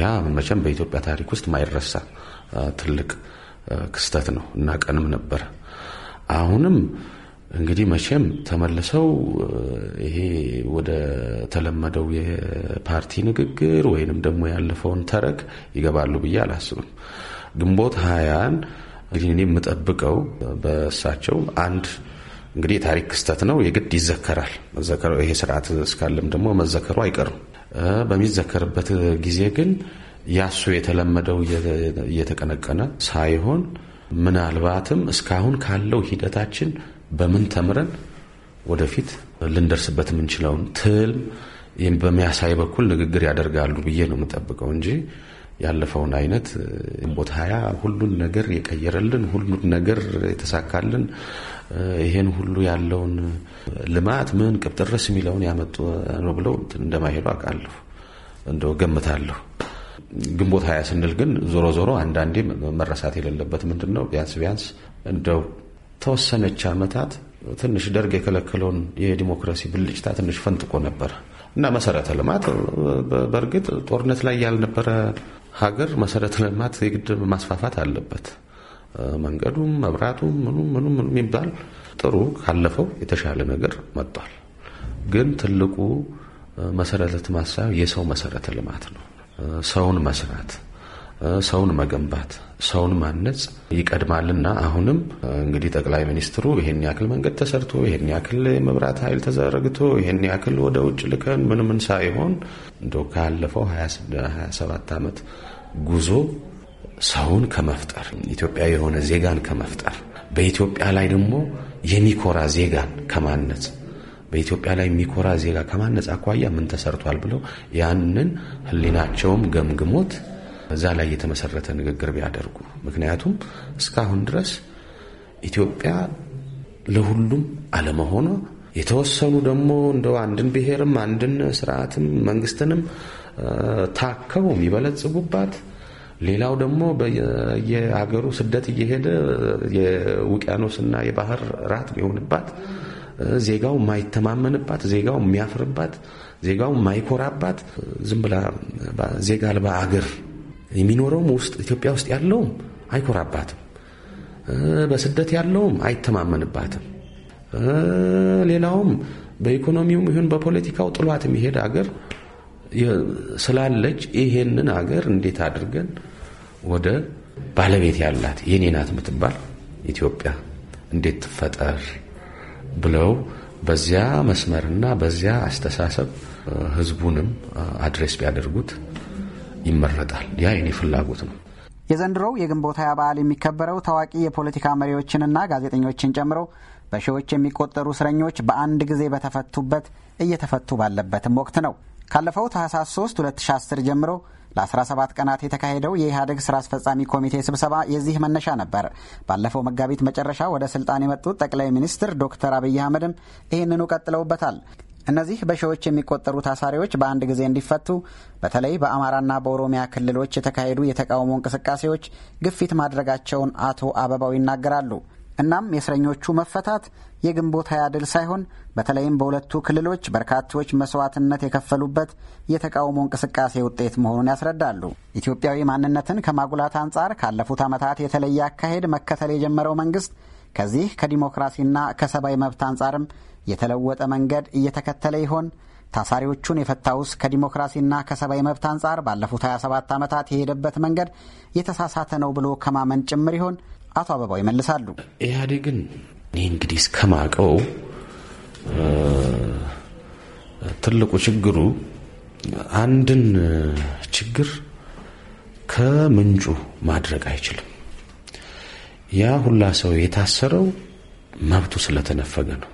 ያ መቼም በኢትዮጵያ ታሪክ ውስጥ ማይረሳ ትልቅ ክስተት ነው እና ቀንም ነበር። አሁንም እንግዲህ መቼም ተመልሰው ይሄ ወደ ተለመደው የፓርቲ ንግግር ወይንም ደግሞ ያለፈውን ተረክ ይገባሉ ብዬ አላስብም። ግንቦት ሀያን እንግዲህ እኔ የምጠብቀው በእሳቸው አንድ እንግዲህ የታሪክ ክስተት ነው፣ የግድ ይዘከራል። መዘከሩ ይሄ ስርዓት እስካለም ደግሞ መዘከሩ አይቀርም። በሚዘከርበት ጊዜ ግን ያሱ የተለመደው እየተቀነቀነ ሳይሆን ምናልባትም እስካሁን ካለው ሂደታችን በምን ተምረን ወደፊት ልንደርስበት የምንችለውን ትልም በሚያሳይ በኩል ንግግር ያደርጋሉ ብዬ ነው የምጠብቀው እንጂ ያለፈውን አይነት ቦታ ሀያ ሁሉን ነገር የቀየረልን ሁሉን ነገር የተሳካልን ይሄን ሁሉ ያለውን ልማት ምን ቅብጥርስ የሚለውን ያመጡ ነው ብለው እንደማይሄዱ አውቃለሁ፣ እንደው ገምታለሁ። ግንቦት ሀያ ስንል ግን ዞሮ ዞሮ አንዳንዴ መረሳት የሌለበት ምንድን ነው ቢያንስ ቢያንስ እንደው ተወሰነች ዓመታት ትንሽ ደርግ የከለከለውን የዲሞክራሲ ብልጭታ ትንሽ ፈንጥቆ ነበረ እና መሰረተ ልማት በእርግጥ ጦርነት ላይ ያልነበረ ሀገር መሰረተ ልማት የግድ ማስፋፋት አለበት። መንገዱም መብራቱም ምኑም ምኑም ምኑም ይባል ጥሩ ካለፈው የተሻለ ነገር መጥቷል። ግን ትልቁ መሰረተ ልማት የሰው መሰረተ ልማት ነው። ሰውን መስራት፣ ሰውን መገንባት፣ ሰውን ማነጽ ይቀድማልና አሁንም እንግዲህ ጠቅላይ ሚኒስትሩ ይሄን ያክል መንገድ ተሰርቶ ይሄን ያክል የመብራት ኃይል ተዘረግቶ ይሄን ያክል ወደ ውጭ ልከን ምንምን ሳይሆን እንደ ካለፈው 27 ዓመት ጉዞ ሰውን ከመፍጠር ኢትዮጵያ የሆነ ዜጋን ከመፍጠር በኢትዮጵያ ላይ ደግሞ የሚኮራ ዜጋን ከማነጽ በኢትዮጵያ ላይ የሚኮራ ዜጋ ከማነጽ አኳያ ምን ተሰርቷል ብለው ያንን ህሊናቸውም ገምግሞት እዛ ላይ የተመሰረተ ንግግር ቢያደርጉ። ምክንያቱም እስካሁን ድረስ ኢትዮጵያ ለሁሉም አለመሆኗ የተወሰኑ ደግሞ እንደው አንድን ብሔርም አንድን ስርዓትም መንግስትንም ታከው የሚበለጽጉባት ሌላው ደግሞ የሀገሩ ስደት እየሄደ የውቅያኖስና የባህር ራት የሚሆንባት ዜጋው የማይተማመንባት ዜጋው የሚያፍርባት ዜጋው የማይኮራባት ዝም ብላ ዜጋ አልባ አገር የሚኖረውም ውስጥ ኢትዮጵያ ውስጥ ያለውም አይኮራባትም። በስደት ያለውም አይተማመንባትም። ሌላውም በኢኮኖሚውም ይሁን በፖለቲካው ጥሏት የሚሄድ አገር ስላለች ይሄንን ሀገር እንዴት አድርገን ወደ ባለቤት ያላት የኔ ናት የምትባል ኢትዮጵያ እንዴት ትፈጠር ብለው በዚያ መስመርና በዚያ አስተሳሰብ ህዝቡንም አድሬስ ቢያደርጉት ይመረጣል። ያ የኔ ፍላጎት ነው። የዘንድሮው የግንቦት ሀያ በዓል የሚከበረው ታዋቂ የፖለቲካ መሪዎችንና ጋዜጠኞችን ጨምሮ በሺዎች የሚቆጠሩ እስረኞች በአንድ ጊዜ በተፈቱበት እየተፈቱ ባለበትም ወቅት ነው። ካለፈው ታህሳስ 3 2010 ጀምሮ ለ17 ቀናት የተካሄደው የኢህአዴግ ስራ አስፈጻሚ ኮሚቴ ስብሰባ የዚህ መነሻ ነበር። ባለፈው መጋቢት መጨረሻ ወደ ስልጣን የመጡት ጠቅላይ ሚኒስትር ዶክተር አብይ አህመድም ይህንኑ ቀጥለውበታል። እነዚህ በሺዎች የሚቆጠሩ ታሳሪዎች በአንድ ጊዜ እንዲፈቱ በተለይ በአማራና በኦሮሚያ ክልሎች የተካሄዱ የተቃውሞ እንቅስቃሴዎች ግፊት ማድረጋቸውን አቶ አበባው ይናገራሉ። እናም የእስረኞቹ መፈታት የግንቦት ሀያ ድል ሳይሆን በተለይም በሁለቱ ክልሎች በርካቶች መስዋዕትነት የከፈሉበት የተቃውሞ እንቅስቃሴ ውጤት መሆኑን ያስረዳሉ። ኢትዮጵያዊ ማንነትን ከማጉላት አንጻር ካለፉት ዓመታት የተለየ አካሄድ መከተል የጀመረው መንግስት ከዚህ ከዲሞክራሲና ከሰብአዊ መብት አንጻርም የተለወጠ መንገድ እየተከተለ ይሆን? ታሳሪዎቹን የፈታውስ ከዲሞክራሲና ከሰብአዊ መብት አንጻር ባለፉት 27 ዓመታት የሄደበት መንገድ የተሳሳተ ነው ብሎ ከማመን ጭምር ይሆን? አቶ አበባው ይመልሳሉ። ኢህአዴግን እኔ እንግዲህ እስከማቀው ትልቁ ችግሩ አንድን ችግር ከምንጩ ማድረግ አይችልም። ያ ሁላ ሰው የታሰረው መብቱ ስለተነፈገ ነው።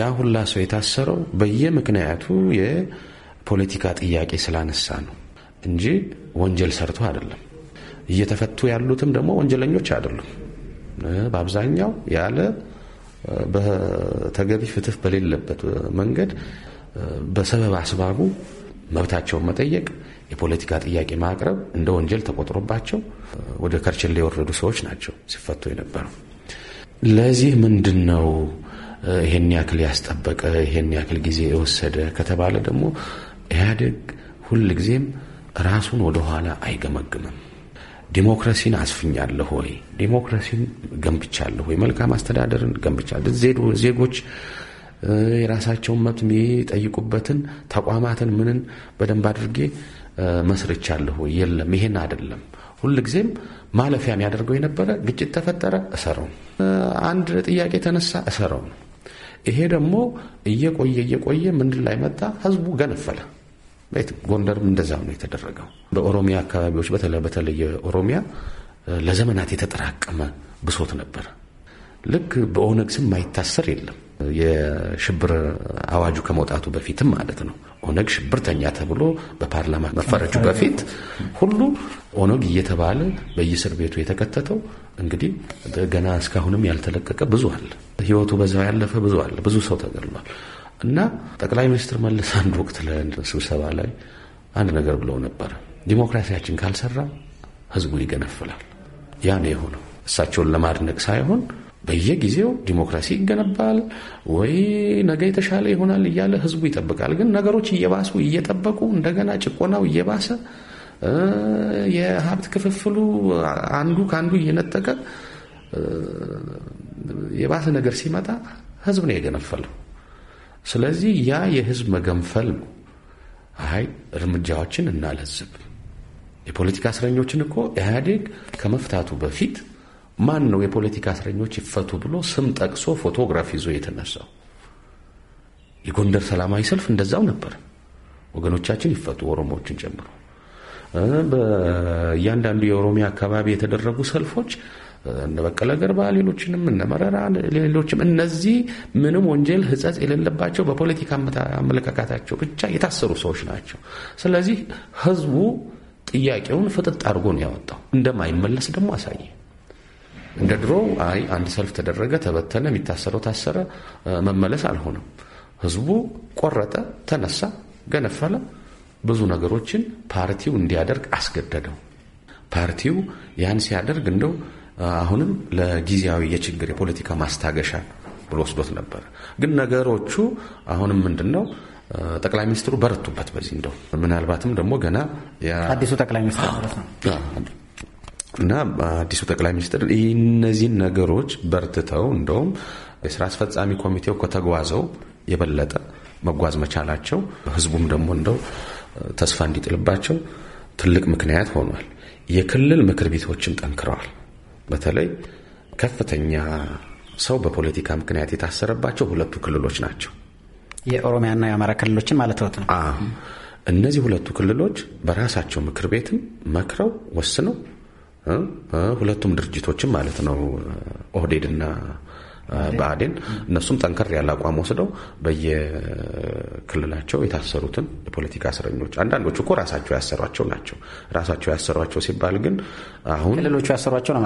ያ ሁላ ሰው የታሰረው በየምክንያቱ የፖለቲካ ጥያቄ ስላነሳ ነው እንጂ ወንጀል ሰርቶ አይደለም። እየተፈቱ ያሉትም ደግሞ ወንጀለኞች አይደሉም። በአብዛኛው ያለ በተገቢ ፍትህ በሌለበት መንገድ በሰበብ አስባቡ መብታቸውን መጠየቅ፣ የፖለቲካ ጥያቄ ማቅረብ እንደ ወንጀል ተቆጥሮባቸው ወደ ከርችል የወረዱ ሰዎች ናቸው ሲፈቱ የነበረው። ለዚህ ምንድን ነው ይሄን ያክል ያስጠበቀ ይሄን ያክል ጊዜ የወሰደ ከተባለ ደግሞ ኢህአዴግ ሁልጊዜም ራሱን ወደኋላ አይገመግምም። ዲሞክራሲን አስፍኛለሁ ወይ? ዲሞክራሲን ገንብቻለሁ ወይ? መልካም አስተዳደርን ገንብቻለሁ? ዜጎች የራሳቸውን መብት የሚጠይቁበትን ተቋማትን ምንን በደንብ አድርጌ መስርቻለሁ ወይ? የለም። ይሄን አይደለም። ሁልጊዜም ማለፊያ የሚያደርገው የነበረ ግጭት ተፈጠረ፣ እሰረው። አንድ ጥያቄ ተነሳ፣ እሰረው ይሄ ደግሞ እየቆየ እየቆየ ምንድን ላይ መጣ? ህዝቡ ገነፈለ። ጎንደርም እንደዛም ነው የተደረገው። በኦሮሚያ አካባቢዎች በተለይ በተለይ ኦሮሚያ ለዘመናት የተጠራቀመ ብሶት ነበር። ልክ በኦነግ ስም ማይታሰር የለም። የሽብር አዋጁ ከመውጣቱ በፊትም ማለት ነው። ኦነግ ሽብርተኛ ተብሎ በፓርላማ መፈረጁ በፊት ሁሉ ኦነግ እየተባለ በየእስር ቤቱ የተከተተው እንግዲህ ገና እስካሁንም ያልተለቀቀ ብዙ አለ። ህይወቱ በዛ ያለፈ ብዙ አለ። ብዙ ሰው ተገድሏል። እና ጠቅላይ ሚኒስትር መለስ አንድ ወቅት ለስብሰባ ላይ አንድ ነገር ብለው ነበረ። ዲሞክራሲያችን ካልሰራ ህዝቡ ይገነፍላል። ያ ነው የሆነው። እሳቸውን ለማድነቅ ሳይሆን በየጊዜው ዲሞክራሲ ይገነባል ወይ ነገ የተሻለ ይሆናል እያለ ህዝቡ ይጠብቃል። ግን ነገሮች እየባሱ እየጠበቁ እንደገና ጭቆናው እየባሰ የሀብት ክፍፍሉ አንዱ ከአንዱ እየነጠቀ የባሰ ነገር ሲመጣ ህዝብ ነው የገነፈለው። ስለዚህ ያ የህዝብ መገንፈል ነው። አይ እርምጃዎችን እናለዝብ። የፖለቲካ እስረኞችን እኮ ኢህአዴግ ከመፍታቱ በፊት ማን ነው የፖለቲካ እስረኞች ይፈቱ ብሎ ስም ጠቅሶ ፎቶግራፍ ይዞ የተነሳው? የጎንደር ሰላማዊ ሰልፍ እንደዛው ነበር። ወገኖቻችን ይፈቱ ኦሮሞዎችን ጨምሮ በእያንዳንዱ የኦሮሚያ አካባቢ የተደረጉ ሰልፎች እነ በቀለ ገርባ ሌሎችንም እነ መረራ ሌሎችም እነዚህ ምንም ወንጀል ህጸጽ የሌለባቸው በፖለቲካ አመለካከታቸው ብቻ የታሰሩ ሰዎች ናቸው። ስለዚህ ህዝቡ ጥያቄውን ፍጥጥ አድርጎ ነው ያወጣው። እንደማይመለስ ደግሞ አሳየ። እንደ ድሮ አይ አንድ ሰልፍ ተደረገ፣ ተበተነ፣ የሚታሰረው ታሰረ፣ መመለስ አልሆነም። ህዝቡ ቆረጠ፣ ተነሳ፣ ገነፈለ። ብዙ ነገሮችን ፓርቲው እንዲያደርግ አስገደደው። ፓርቲው ያን ሲያደርግ እንደው አሁንም ለጊዜያዊ የችግር የፖለቲካ ማስታገሻ ብሎ ወስዶት ነበር። ግን ነገሮቹ አሁንም ምንድን ነው ጠቅላይ ሚኒስትሩ በረቱበት በዚህ እንደው ምናልባትም ደግሞ ገና አዲሱ ጠቅላይ ሚኒስትር እና አዲሱ ጠቅላይ ሚኒስትር እነዚህን ነገሮች በርትተው እንደውም የስራ አስፈጻሚ ኮሚቴው ከተጓዘው የበለጠ መጓዝ መቻላቸው ህዝቡም ደግሞ እንደው ተስፋ እንዲጥልባቸው ትልቅ ምክንያት ሆኗል። የክልል ምክር ቤቶችም ጠንክረዋል። በተለይ ከፍተኛ ሰው በፖለቲካ ምክንያት የታሰረባቸው ሁለቱ ክልሎች ናቸው። የኦሮሚያና የአማራ ክልሎችን ማለት ነው። እነዚህ ሁለቱ ክልሎች በራሳቸው ምክር ቤትም መክረው ወስነው ሁለቱም ድርጅቶችም ማለት ነው ኦህዴድና ብአዴን እነሱም ጠንከር ያለ አቋም ወስደው በየክልላቸው የታሰሩትን የፖለቲካ እስረኞች አንዳንዶቹ እኮ ራሳቸው ያሰሯቸው ናቸው። ራሳቸው ያሰሯቸው ሲባል ግን አሁን ክልሎቹ ያሰሯቸው ነው።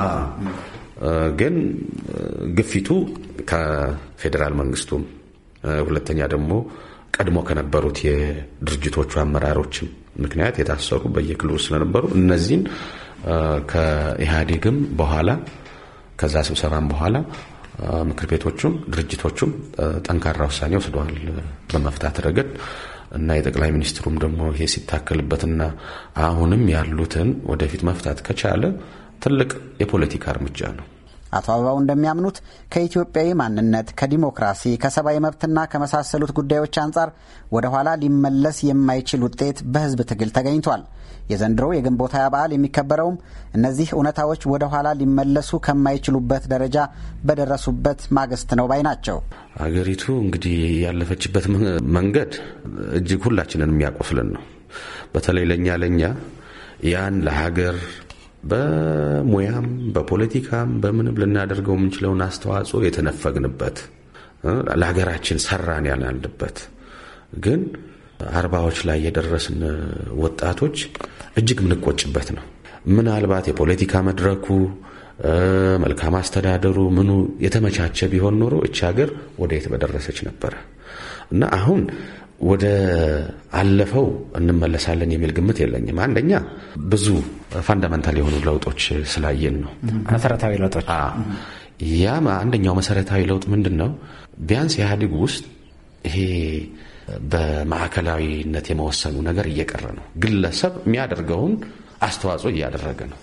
ግን ግፊቱ ከፌዴራል መንግስቱም ሁለተኛ ደግሞ ቀድሞ ከነበሩት የድርጅቶቹ አመራሮችም ምክንያት የታሰሩ በየክልሉ ስለነበሩ እነዚህን ከኢህአዴግም በኋላ ከዛ ስብሰባም በኋላ ምክር ቤቶቹም ድርጅቶቹም ጠንካራ ውሳኔ ወስደዋል በመፍታት ረገድ እና የጠቅላይ ሚኒስትሩም ደግሞ ይሄ ሲታከልበትና አሁንም ያሉትን ወደፊት መፍታት ከቻለ ትልቅ የፖለቲካ እርምጃ ነው። አቶ አበባው እንደሚያምኑት ከኢትዮጵያዊ ማንነት፣ ከዲሞክራሲ፣ ከሰብአዊ መብትና ከመሳሰሉት ጉዳዮች አንጻር ወደ ኋላ ሊመለስ የማይችል ውጤት በህዝብ ትግል ተገኝቷል። የዘንድሮ የግንቦት ሃያ በዓል የሚከበረውም እነዚህ እውነታዎች ወደ ኋላ ሊመለሱ ከማይችሉበት ደረጃ በደረሱበት ማግስት ነው ባይ ናቸው። አገሪቱ እንግዲህ ያለፈችበት መንገድ እጅግ ሁላችንን የሚያቆስልን ነው። በተለይ ለእኛ ለእኛ ያን ለሀገር በሙያም በፖለቲካም በምንም ልናደርገው የምንችለውን አስተዋጽኦ የተነፈግንበት ለሀገራችን ሰራን ያላልበት ግን አርባዎች ላይ የደረስን ወጣቶች እጅግ ምንቆጭበት ነው። ምናልባት የፖለቲካ መድረኩ መልካም አስተዳደሩ ምኑ የተመቻቸ ቢሆን ኖሮ እች ሀገር ወደየት በደረሰች ነበረ እና አሁን ወደ አለፈው እንመለሳለን የሚል ግምት የለኝም። አንደኛ ብዙ ፋንዳመንታል የሆኑ ለውጦች ስላየን ነው። መሰረታዊ ለውጦች። ያ አንደኛው መሰረታዊ ለውጥ ምንድን ነው? ቢያንስ ኢህአዴግ ውስጥ ይሄ በማዕከላዊነት የመወሰኑ ነገር እየቀረ ነው። ግለሰብ የሚያደርገውን አስተዋጽኦ እያደረገ ነው።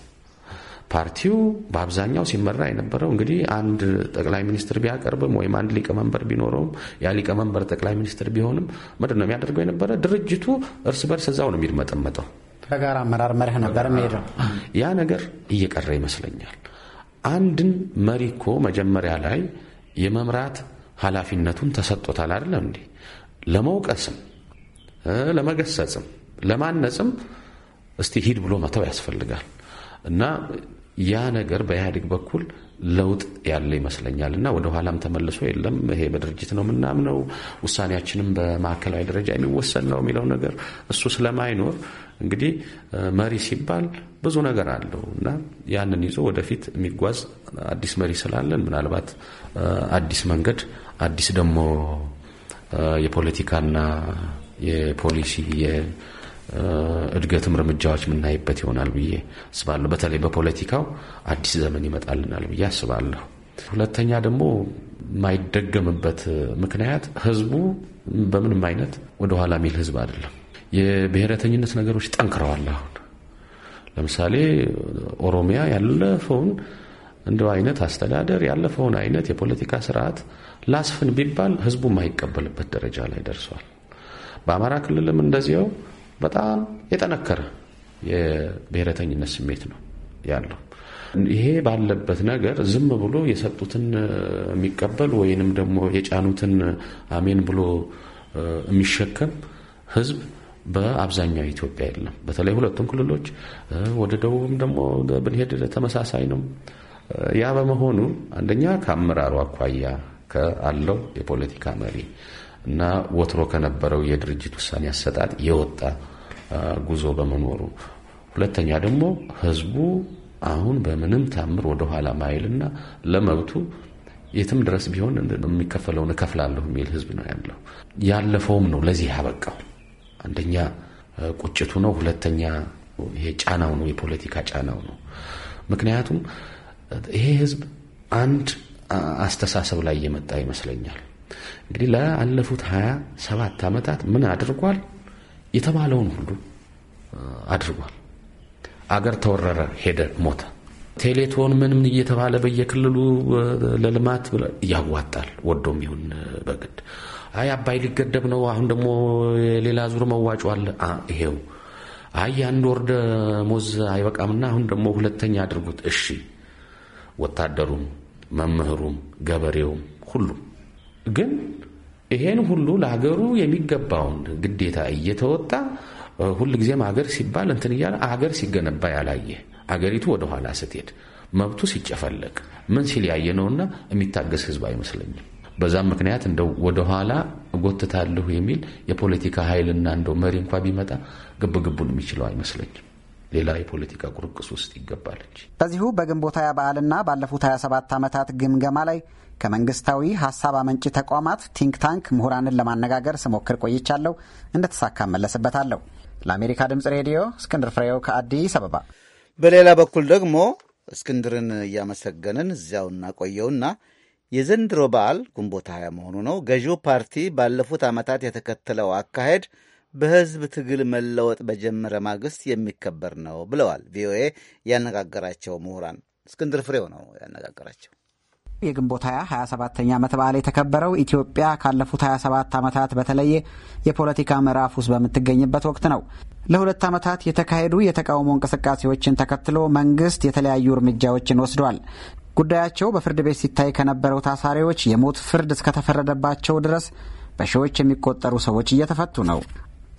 ፓርቲው በአብዛኛው ሲመራ የነበረው እንግዲህ አንድ ጠቅላይ ሚኒስትር ቢያቀርብም ወይም አንድ ሊቀመንበር ቢኖረውም ያ ሊቀመንበር ጠቅላይ ሚኒስትር ቢሆንም ምንድን ነው የሚያደርገው የነበረ ድርጅቱ እርስ በርስ እዛው ነው የሚድመጠመጠው። በጋራ አመራር መርህ ነበር ሄደው። ያ ነገር እየቀረ ይመስለኛል። አንድን መሪ እኮ መጀመሪያ ላይ የመምራት ኃላፊነቱን ተሰጥቶታል አይደለም እንዴ? ለመውቀስም ለመገሰጽም ለማነጽም እስቲ ሂድ ብሎ መተው ያስፈልጋል። እና ያ ነገር በኢህአዴግ በኩል ለውጥ ያለ ይመስለኛል እና ወደ ኋላም ተመልሶ የለም ይሄ በድርጅት ነው የምናምነው፣ ውሳኔያችንም በማዕከላዊ ደረጃ የሚወሰን ነው የሚለው ነገር እሱ ስለማይኖር እንግዲህ መሪ ሲባል ብዙ ነገር አለው እና ያንን ይዞ ወደፊት የሚጓዝ አዲስ መሪ ስላለን ምናልባት አዲስ መንገድ አዲስ ደግሞ የፖለቲካና የፖሊሲ እድገትም እርምጃዎች የምናይበት ይሆናል ብዬ አስባለሁ። በተለይ በፖለቲካው አዲስ ዘመን ይመጣልናል ብዬ አስባለሁ። ሁለተኛ ደግሞ የማይደገምበት ምክንያት ህዝቡ በምንም አይነት ወደኋላ የሚል ህዝብ አይደለም። የብሔረተኝነት ነገሮች ጠንክረዋል። አሁን ለምሳሌ ኦሮሚያ ያለፈውን እንደ አይነት አስተዳደር ያለፈውን አይነት የፖለቲካ ስርዓት ላስፍን ቢባል ህዝቡ የማይቀበልበት ደረጃ ላይ ደርሷል። በአማራ ክልልም እንደዚያው በጣም የጠነከረ የብሔረተኝነት ስሜት ነው ያለው። ይሄ ባለበት ነገር ዝም ብሎ የሰጡትን የሚቀበል ወይንም ደግሞ የጫኑትን አሜን ብሎ የሚሸከም ህዝብ በአብዛኛው ኢትዮጵያ የለም። በተለይ ሁለቱም ክልሎች ወደ ደቡብም ደግሞ ብንሄድ ተመሳሳይ ነው። ያ በመሆኑ አንደኛ ከአመራሩ አኳያ ከአለው የፖለቲካ መሪ እና ወትሮ ከነበረው የድርጅት ውሳኔ አሰጣጥ የወጣ ጉዞ በመኖሩ፣ ሁለተኛ ደግሞ ህዝቡ አሁን በምንም ታምር ወደኋላ ማይልና ለመብቱ የትም ድረስ ቢሆን የሚከፈለውን እከፍላለሁ የሚል ህዝብ ነው ያለው። ያለፈውም ነው ለዚህ ያበቃው። አንደኛ ቁጭቱ ነው፣ ሁለተኛ ይሄ ጫናው ነው፣ የፖለቲካ ጫናው ነው። ምክንያቱም ይሄ ህዝብ አንድ አስተሳሰብ ላይ እየመጣ ይመስለኛል። እንግዲህ ለአለፉት ሀያ ሰባት ዓመታት ምን አድርጓል? የተባለውን ሁሉ አድርጓል። አገር ተወረረ፣ ሄደ፣ ሞተ። ቴሌቶን ምን ምን እየተባለ በየክልሉ ለልማት ያዋጣል፣ ወዶም ይሁን በግድ አይ አባይ ሊገደብ ነው፣ አሁን ደግሞ ሌላ ዙር መዋጮ አለ። ይሄው አይ አንድ ወር ደሞዝ አይበቃምና አሁን ደግሞ ሁለተኛ አድርጉት። እሺ፣ ወታደሩም፣ መምህሩም፣ ገበሬውም ሁሉም ግን ይሄን ሁሉ ለሀገሩ የሚገባውን ግዴታ እየተወጣ ጊዜም ሀገር ሲባል እንትን እያለ አገር ሲገነባ ያላየ አገሪቱ ወደኋላ ስትሄድ መብቱ ሲጨፈለቅ ምን ሲል ያየ ነውና የሚታገስ ህዝብ አይመስለኝም። በዛም ምክንያት እንደው ወደኋላ ጎትታለሁ የሚል የፖለቲካ ኃይልና እንደው መሪ እንኳ ቢመጣ ግብግቡን የሚችለው አይመስለኝም። ሌላ የፖለቲካ ቁርቅስ ውስጥ ይገባለች። በዚሁ በግንቦት ሃያ በዓልና ባለፉት 27 ዓመታት ግምገማ ላይ ከመንግስታዊ ሀሳብ አመንጭ ተቋማት ቲንክ ታንክ ምሁራንን ለማነጋገር ስሞክር ቆይቻለሁ። እንደተሳካ መለስበታለሁ። ለአሜሪካ ድምፅ ሬዲዮ እስክንድር ፍሬው ከአዲስ አበባ። በሌላ በኩል ደግሞ እስክንድርን እያመሰገንን እዚያው እናቆየውና የዘንድሮ በዓል ግንቦት ሃያ መሆኑ ነው። ገዢው ፓርቲ ባለፉት ዓመታት የተከተለው አካሄድ በህዝብ ትግል መለወጥ በጀመረ ማግስት የሚከበር ነው ብለዋል ቪኦኤ ያነጋገራቸው ምሁራን። እስክንድር ፍሬው ነው ያነጋገራቸው። የግንቦት 20 27ኛ ዓመት በዓል የተከበረው ኢትዮጵያ ካለፉት 27 ዓመታት በተለየ የፖለቲካ ምዕራፍ ውስጥ በምትገኝበት ወቅት ነው። ለሁለት ዓመታት የተካሄዱ የተቃውሞ እንቅስቃሴዎችን ተከትሎ መንግስት የተለያዩ እርምጃዎችን ወስዷል። ጉዳያቸው በፍርድ ቤት ሲታይ ከነበረው ታሳሪዎች የሞት ፍርድ እስከተፈረደባቸው ድረስ በሺዎች የሚቆጠሩ ሰዎች እየተፈቱ ነው።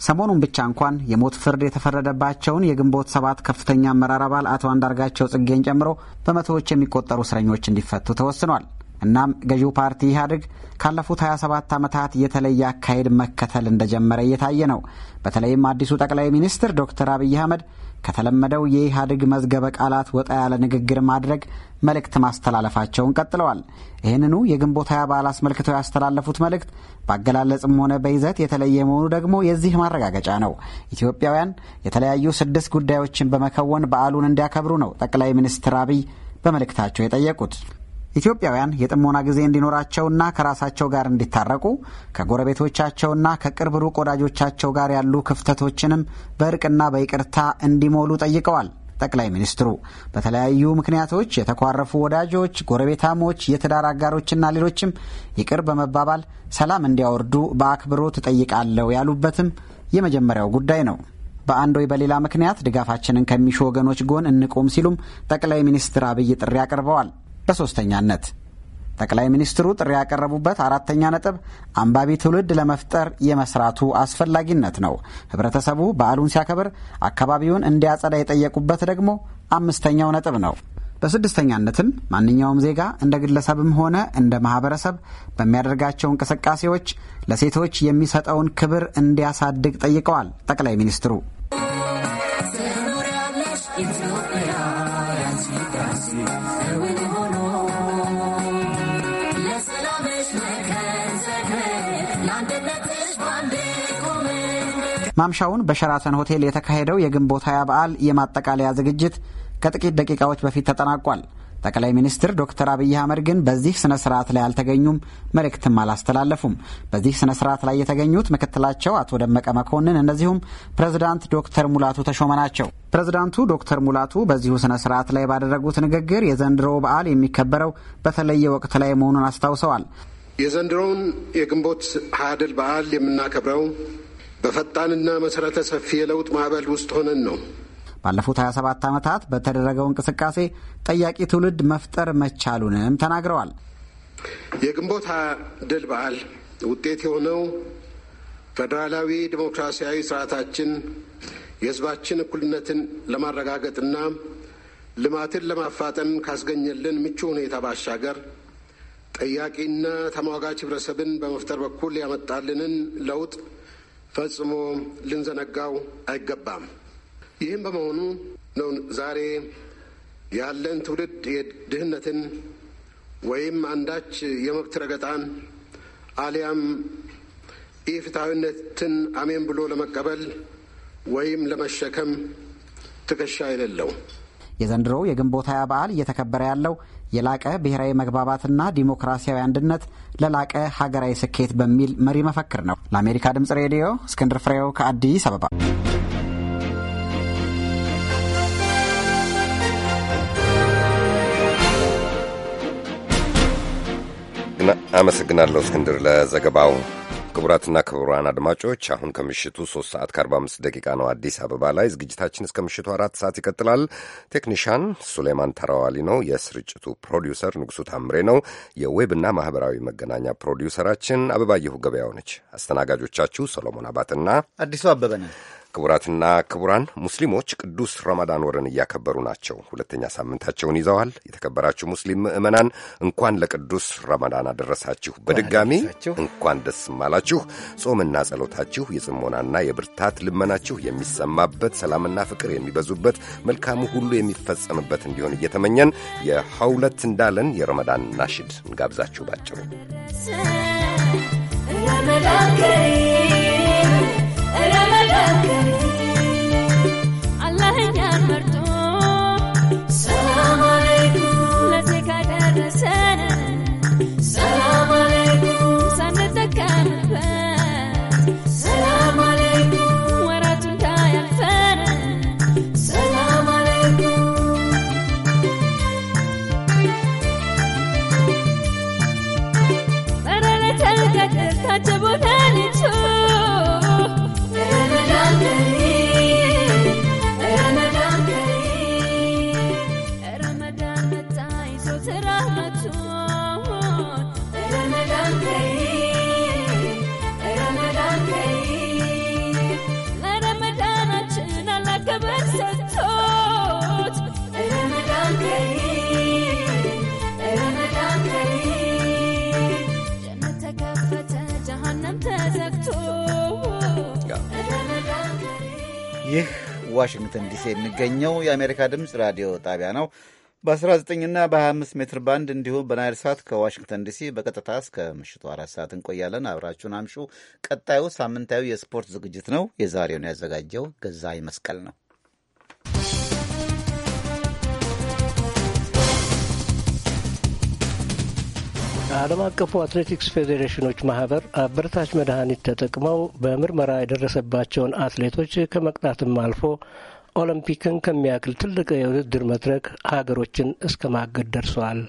ሰሞኑን ብቻ እንኳን የሞት ፍርድ የተፈረደባቸውን የግንቦት ሰባት ከፍተኛ አመራር አባል አቶ አንዳርጋቸው ጽጌን ጨምሮ በመቶዎች የሚቆጠሩ እስረኞች እንዲፈቱ ተወስኗል። እናም ገዢው ፓርቲ ኢህአዴግ ካለፉት 27 ዓመታት የተለየ አካሄድ መከተል እንደጀመረ እየታየ ነው። በተለይም አዲሱ ጠቅላይ ሚኒስትር ዶክተር አብይ አህመድ ከተለመደው የኢህአዴግ መዝገበ ቃላት ወጣ ያለ ንግግር ማድረግ መልእክት ማስተላለፋቸውን ቀጥለዋል። ይህንኑ የግንቦት ሀያ በዓል አስመልክተው ያስተላለፉት መልእክት በአገላለጽም ሆነ በይዘት የተለየ መሆኑ ደግሞ የዚህ ማረጋገጫ ነው። ኢትዮጵያውያን የተለያዩ ስድስት ጉዳዮችን በመከወን በዓሉን እንዲያከብሩ ነው ጠቅላይ ሚኒስትር አብይ በመልእክታቸው የጠየቁት። ኢትዮጵያውያን የጥሞና ጊዜ እንዲኖራቸውና ከራሳቸው ጋር እንዲታረቁ ከጎረቤቶቻቸውና ከቅርብ ሩቅ ወዳጆቻቸው ጋር ያሉ ክፍተቶችንም በእርቅና በይቅርታ እንዲሞሉ ጠይቀዋል። ጠቅላይ ሚኒስትሩ በተለያዩ ምክንያቶች የተኳረፉ ወዳጆች፣ ጎረቤታሞች፣ የትዳር አጋሮችና ሌሎችም ይቅር በመባባል ሰላም እንዲያወርዱ በአክብሮት እጠይቃለሁ ያሉበትም የመጀመሪያው ጉዳይ ነው። በአንድ ወይ በሌላ ምክንያት ድጋፋችንን ከሚሹ ወገኖች ጎን እንቁም ሲሉም ጠቅላይ ሚኒስትር አብይ ጥሪ አቅርበዋል። በሶስተኛነት ጠቅላይ ሚኒስትሩ ጥሪ ያቀረቡበት አራተኛ ነጥብ አንባቢ ትውልድ ለመፍጠር የመስራቱ አስፈላጊነት ነው። ህብረተሰቡ በዓሉን ሲያከብር አካባቢውን እንዲያጸዳ የጠየቁበት ደግሞ አምስተኛው ነጥብ ነው። በስድስተኛነትም ማንኛውም ዜጋ እንደ ግለሰብም ሆነ እንደ ማህበረሰብ በሚያደርጋቸው እንቅስቃሴዎች ለሴቶች የሚሰጠውን ክብር እንዲያሳድግ ጠይቀዋል ጠቅላይ ሚኒስትሩ። ማምሻውን በሸራተን ሆቴል የተካሄደው የግንቦት ሀያ በዓል የማጠቃለያ ዝግጅት ከጥቂት ደቂቃዎች በፊት ተጠናቋል። ጠቅላይ ሚኒስትር ዶክተር አብይ አህመድ ግን በዚህ ስነ ስርዓት ላይ አልተገኙም፣ መልእክትም አላስተላለፉም። በዚህ ስነ ስርዓት ላይ የተገኙት ምክትላቸው አቶ ደመቀ መኮንን እንደዚሁም ፕሬዝዳንት ዶክተር ሙላቱ ተሾመ ናቸው። ፕሬዝዳንቱ ዶክተር ሙላቱ በዚሁ ስነ ስርዓት ላይ ባደረጉት ንግግር የዘንድሮ በዓል የሚከበረው በተለየ ወቅት ላይ መሆኑን አስታውሰዋል። የዘንድሮውን የግንቦት ሀያ ድል በዓል የምናከብረው በፈጣንና መሰረተ ሰፊ የለውጥ ማዕበል ውስጥ ሆነን ነው። ባለፉት 27 ዓመታት በተደረገው እንቅስቃሴ ጠያቂ ትውልድ መፍጠር መቻሉንም ተናግረዋል። የግንቦት ድል በዓል ውጤት የሆነው ፌዴራላዊ ዲሞክራሲያዊ ስርዓታችን የህዝባችን እኩልነትን ለማረጋገጥና ልማትን ለማፋጠን ካስገኘልን ምቹ ሁኔታ ባሻገር ጠያቂና ተሟጋች ህብረተሰብን በመፍጠር በኩል ያመጣልንን ለውጥ ፈጽሞ ልንዘነጋው አይገባም። ይህም በመሆኑ ነው ዛሬ ያለን ትውልድ የድህነትን ወይም አንዳች የመብት ረገጣን አሊያም ኢፍትሐዊነትን አሜን ብሎ ለመቀበል ወይም ለመሸከም ትከሻ የሌለው። የዘንድሮው የግንቦት ሀያ በዓል እየተከበረ ያለው የላቀ ብሔራዊ መግባባትና ዲሞክራሲያዊ አንድነት ለላቀ ሀገራዊ ስኬት በሚል መሪ መፈክር ነው። ለአሜሪካ ድምጽ ሬዲዮ እስክንድር ፍሬው ከአዲስ አበባ። አመሰግናለሁ እስክንድር ለዘገባው። ክቡራትና ክቡራን አድማጮች አሁን ከምሽቱ 3 ሰዓት ከ45 ደቂቃ ነው አዲስ አበባ ላይ። ዝግጅታችን እስከ ምሽቱ አራት ሰዓት ይቀጥላል። ቴክኒሻን ሱሌማን ተራዋሊ ነው። የስርጭቱ ፕሮዲውሰር ንጉሱ ታምሬ ነው። የዌብና ማህበራዊ መገናኛ ፕሮዲውሰራችን አበባየሁ ገበያው ነች። አስተናጋጆቻችሁ ሰሎሞን አባትና አዲሱ አበበ ነን። ክቡራትና ክቡራን ሙስሊሞች ቅዱስ ረመዳን ወርን እያከበሩ ናቸው። ሁለተኛ ሳምንታቸውን ይዘዋል። የተከበራችሁ ሙስሊም ምዕመናን እንኳን ለቅዱስ ረመዳን አደረሳችሁ። በድጋሚ እንኳን ደስ ማላችሁ ጾምና ጸሎታችሁ የጽሞናና የብርታት ልመናችሁ የሚሰማበት ሰላምና ፍቅር የሚበዙበት መልካሙ ሁሉ የሚፈጸምበት እንዲሆን እየተመኘን የሐውለት እንዳለን የረመዳን ናሽድ እንጋብዛችሁ ባጭሩ ይህ ዋሽንግተን ዲሲ የሚገኘው የአሜሪካ ድምፅ ራዲዮ ጣቢያ ነው። በ19ና በ25 ሜትር ባንድ እንዲሁም በናይል ሳት ከዋሽንግተን ዲሲ በቀጥታ እስከ ምሽቱ አራት ሰዓት እንቆያለን። አብራችሁን አምሹ። ቀጣዩ ሳምንታዊ የስፖርት ዝግጅት ነው። የዛሬውን ያዘጋጀው ገዛ መስቀል ነው። ዓለም አቀፉ አትሌቲክስ ፌዴሬሽኖች ማህበር አበረታች መድኃኒት ተጠቅመው በምርመራ የደረሰባቸውን አትሌቶች ከመቅጣትም አልፎ ኦሎምፒክን ከሚያክል ትልቅ የውድድር መድረክ ሀገሮችን እስከ ማገድ ደርሰዋል።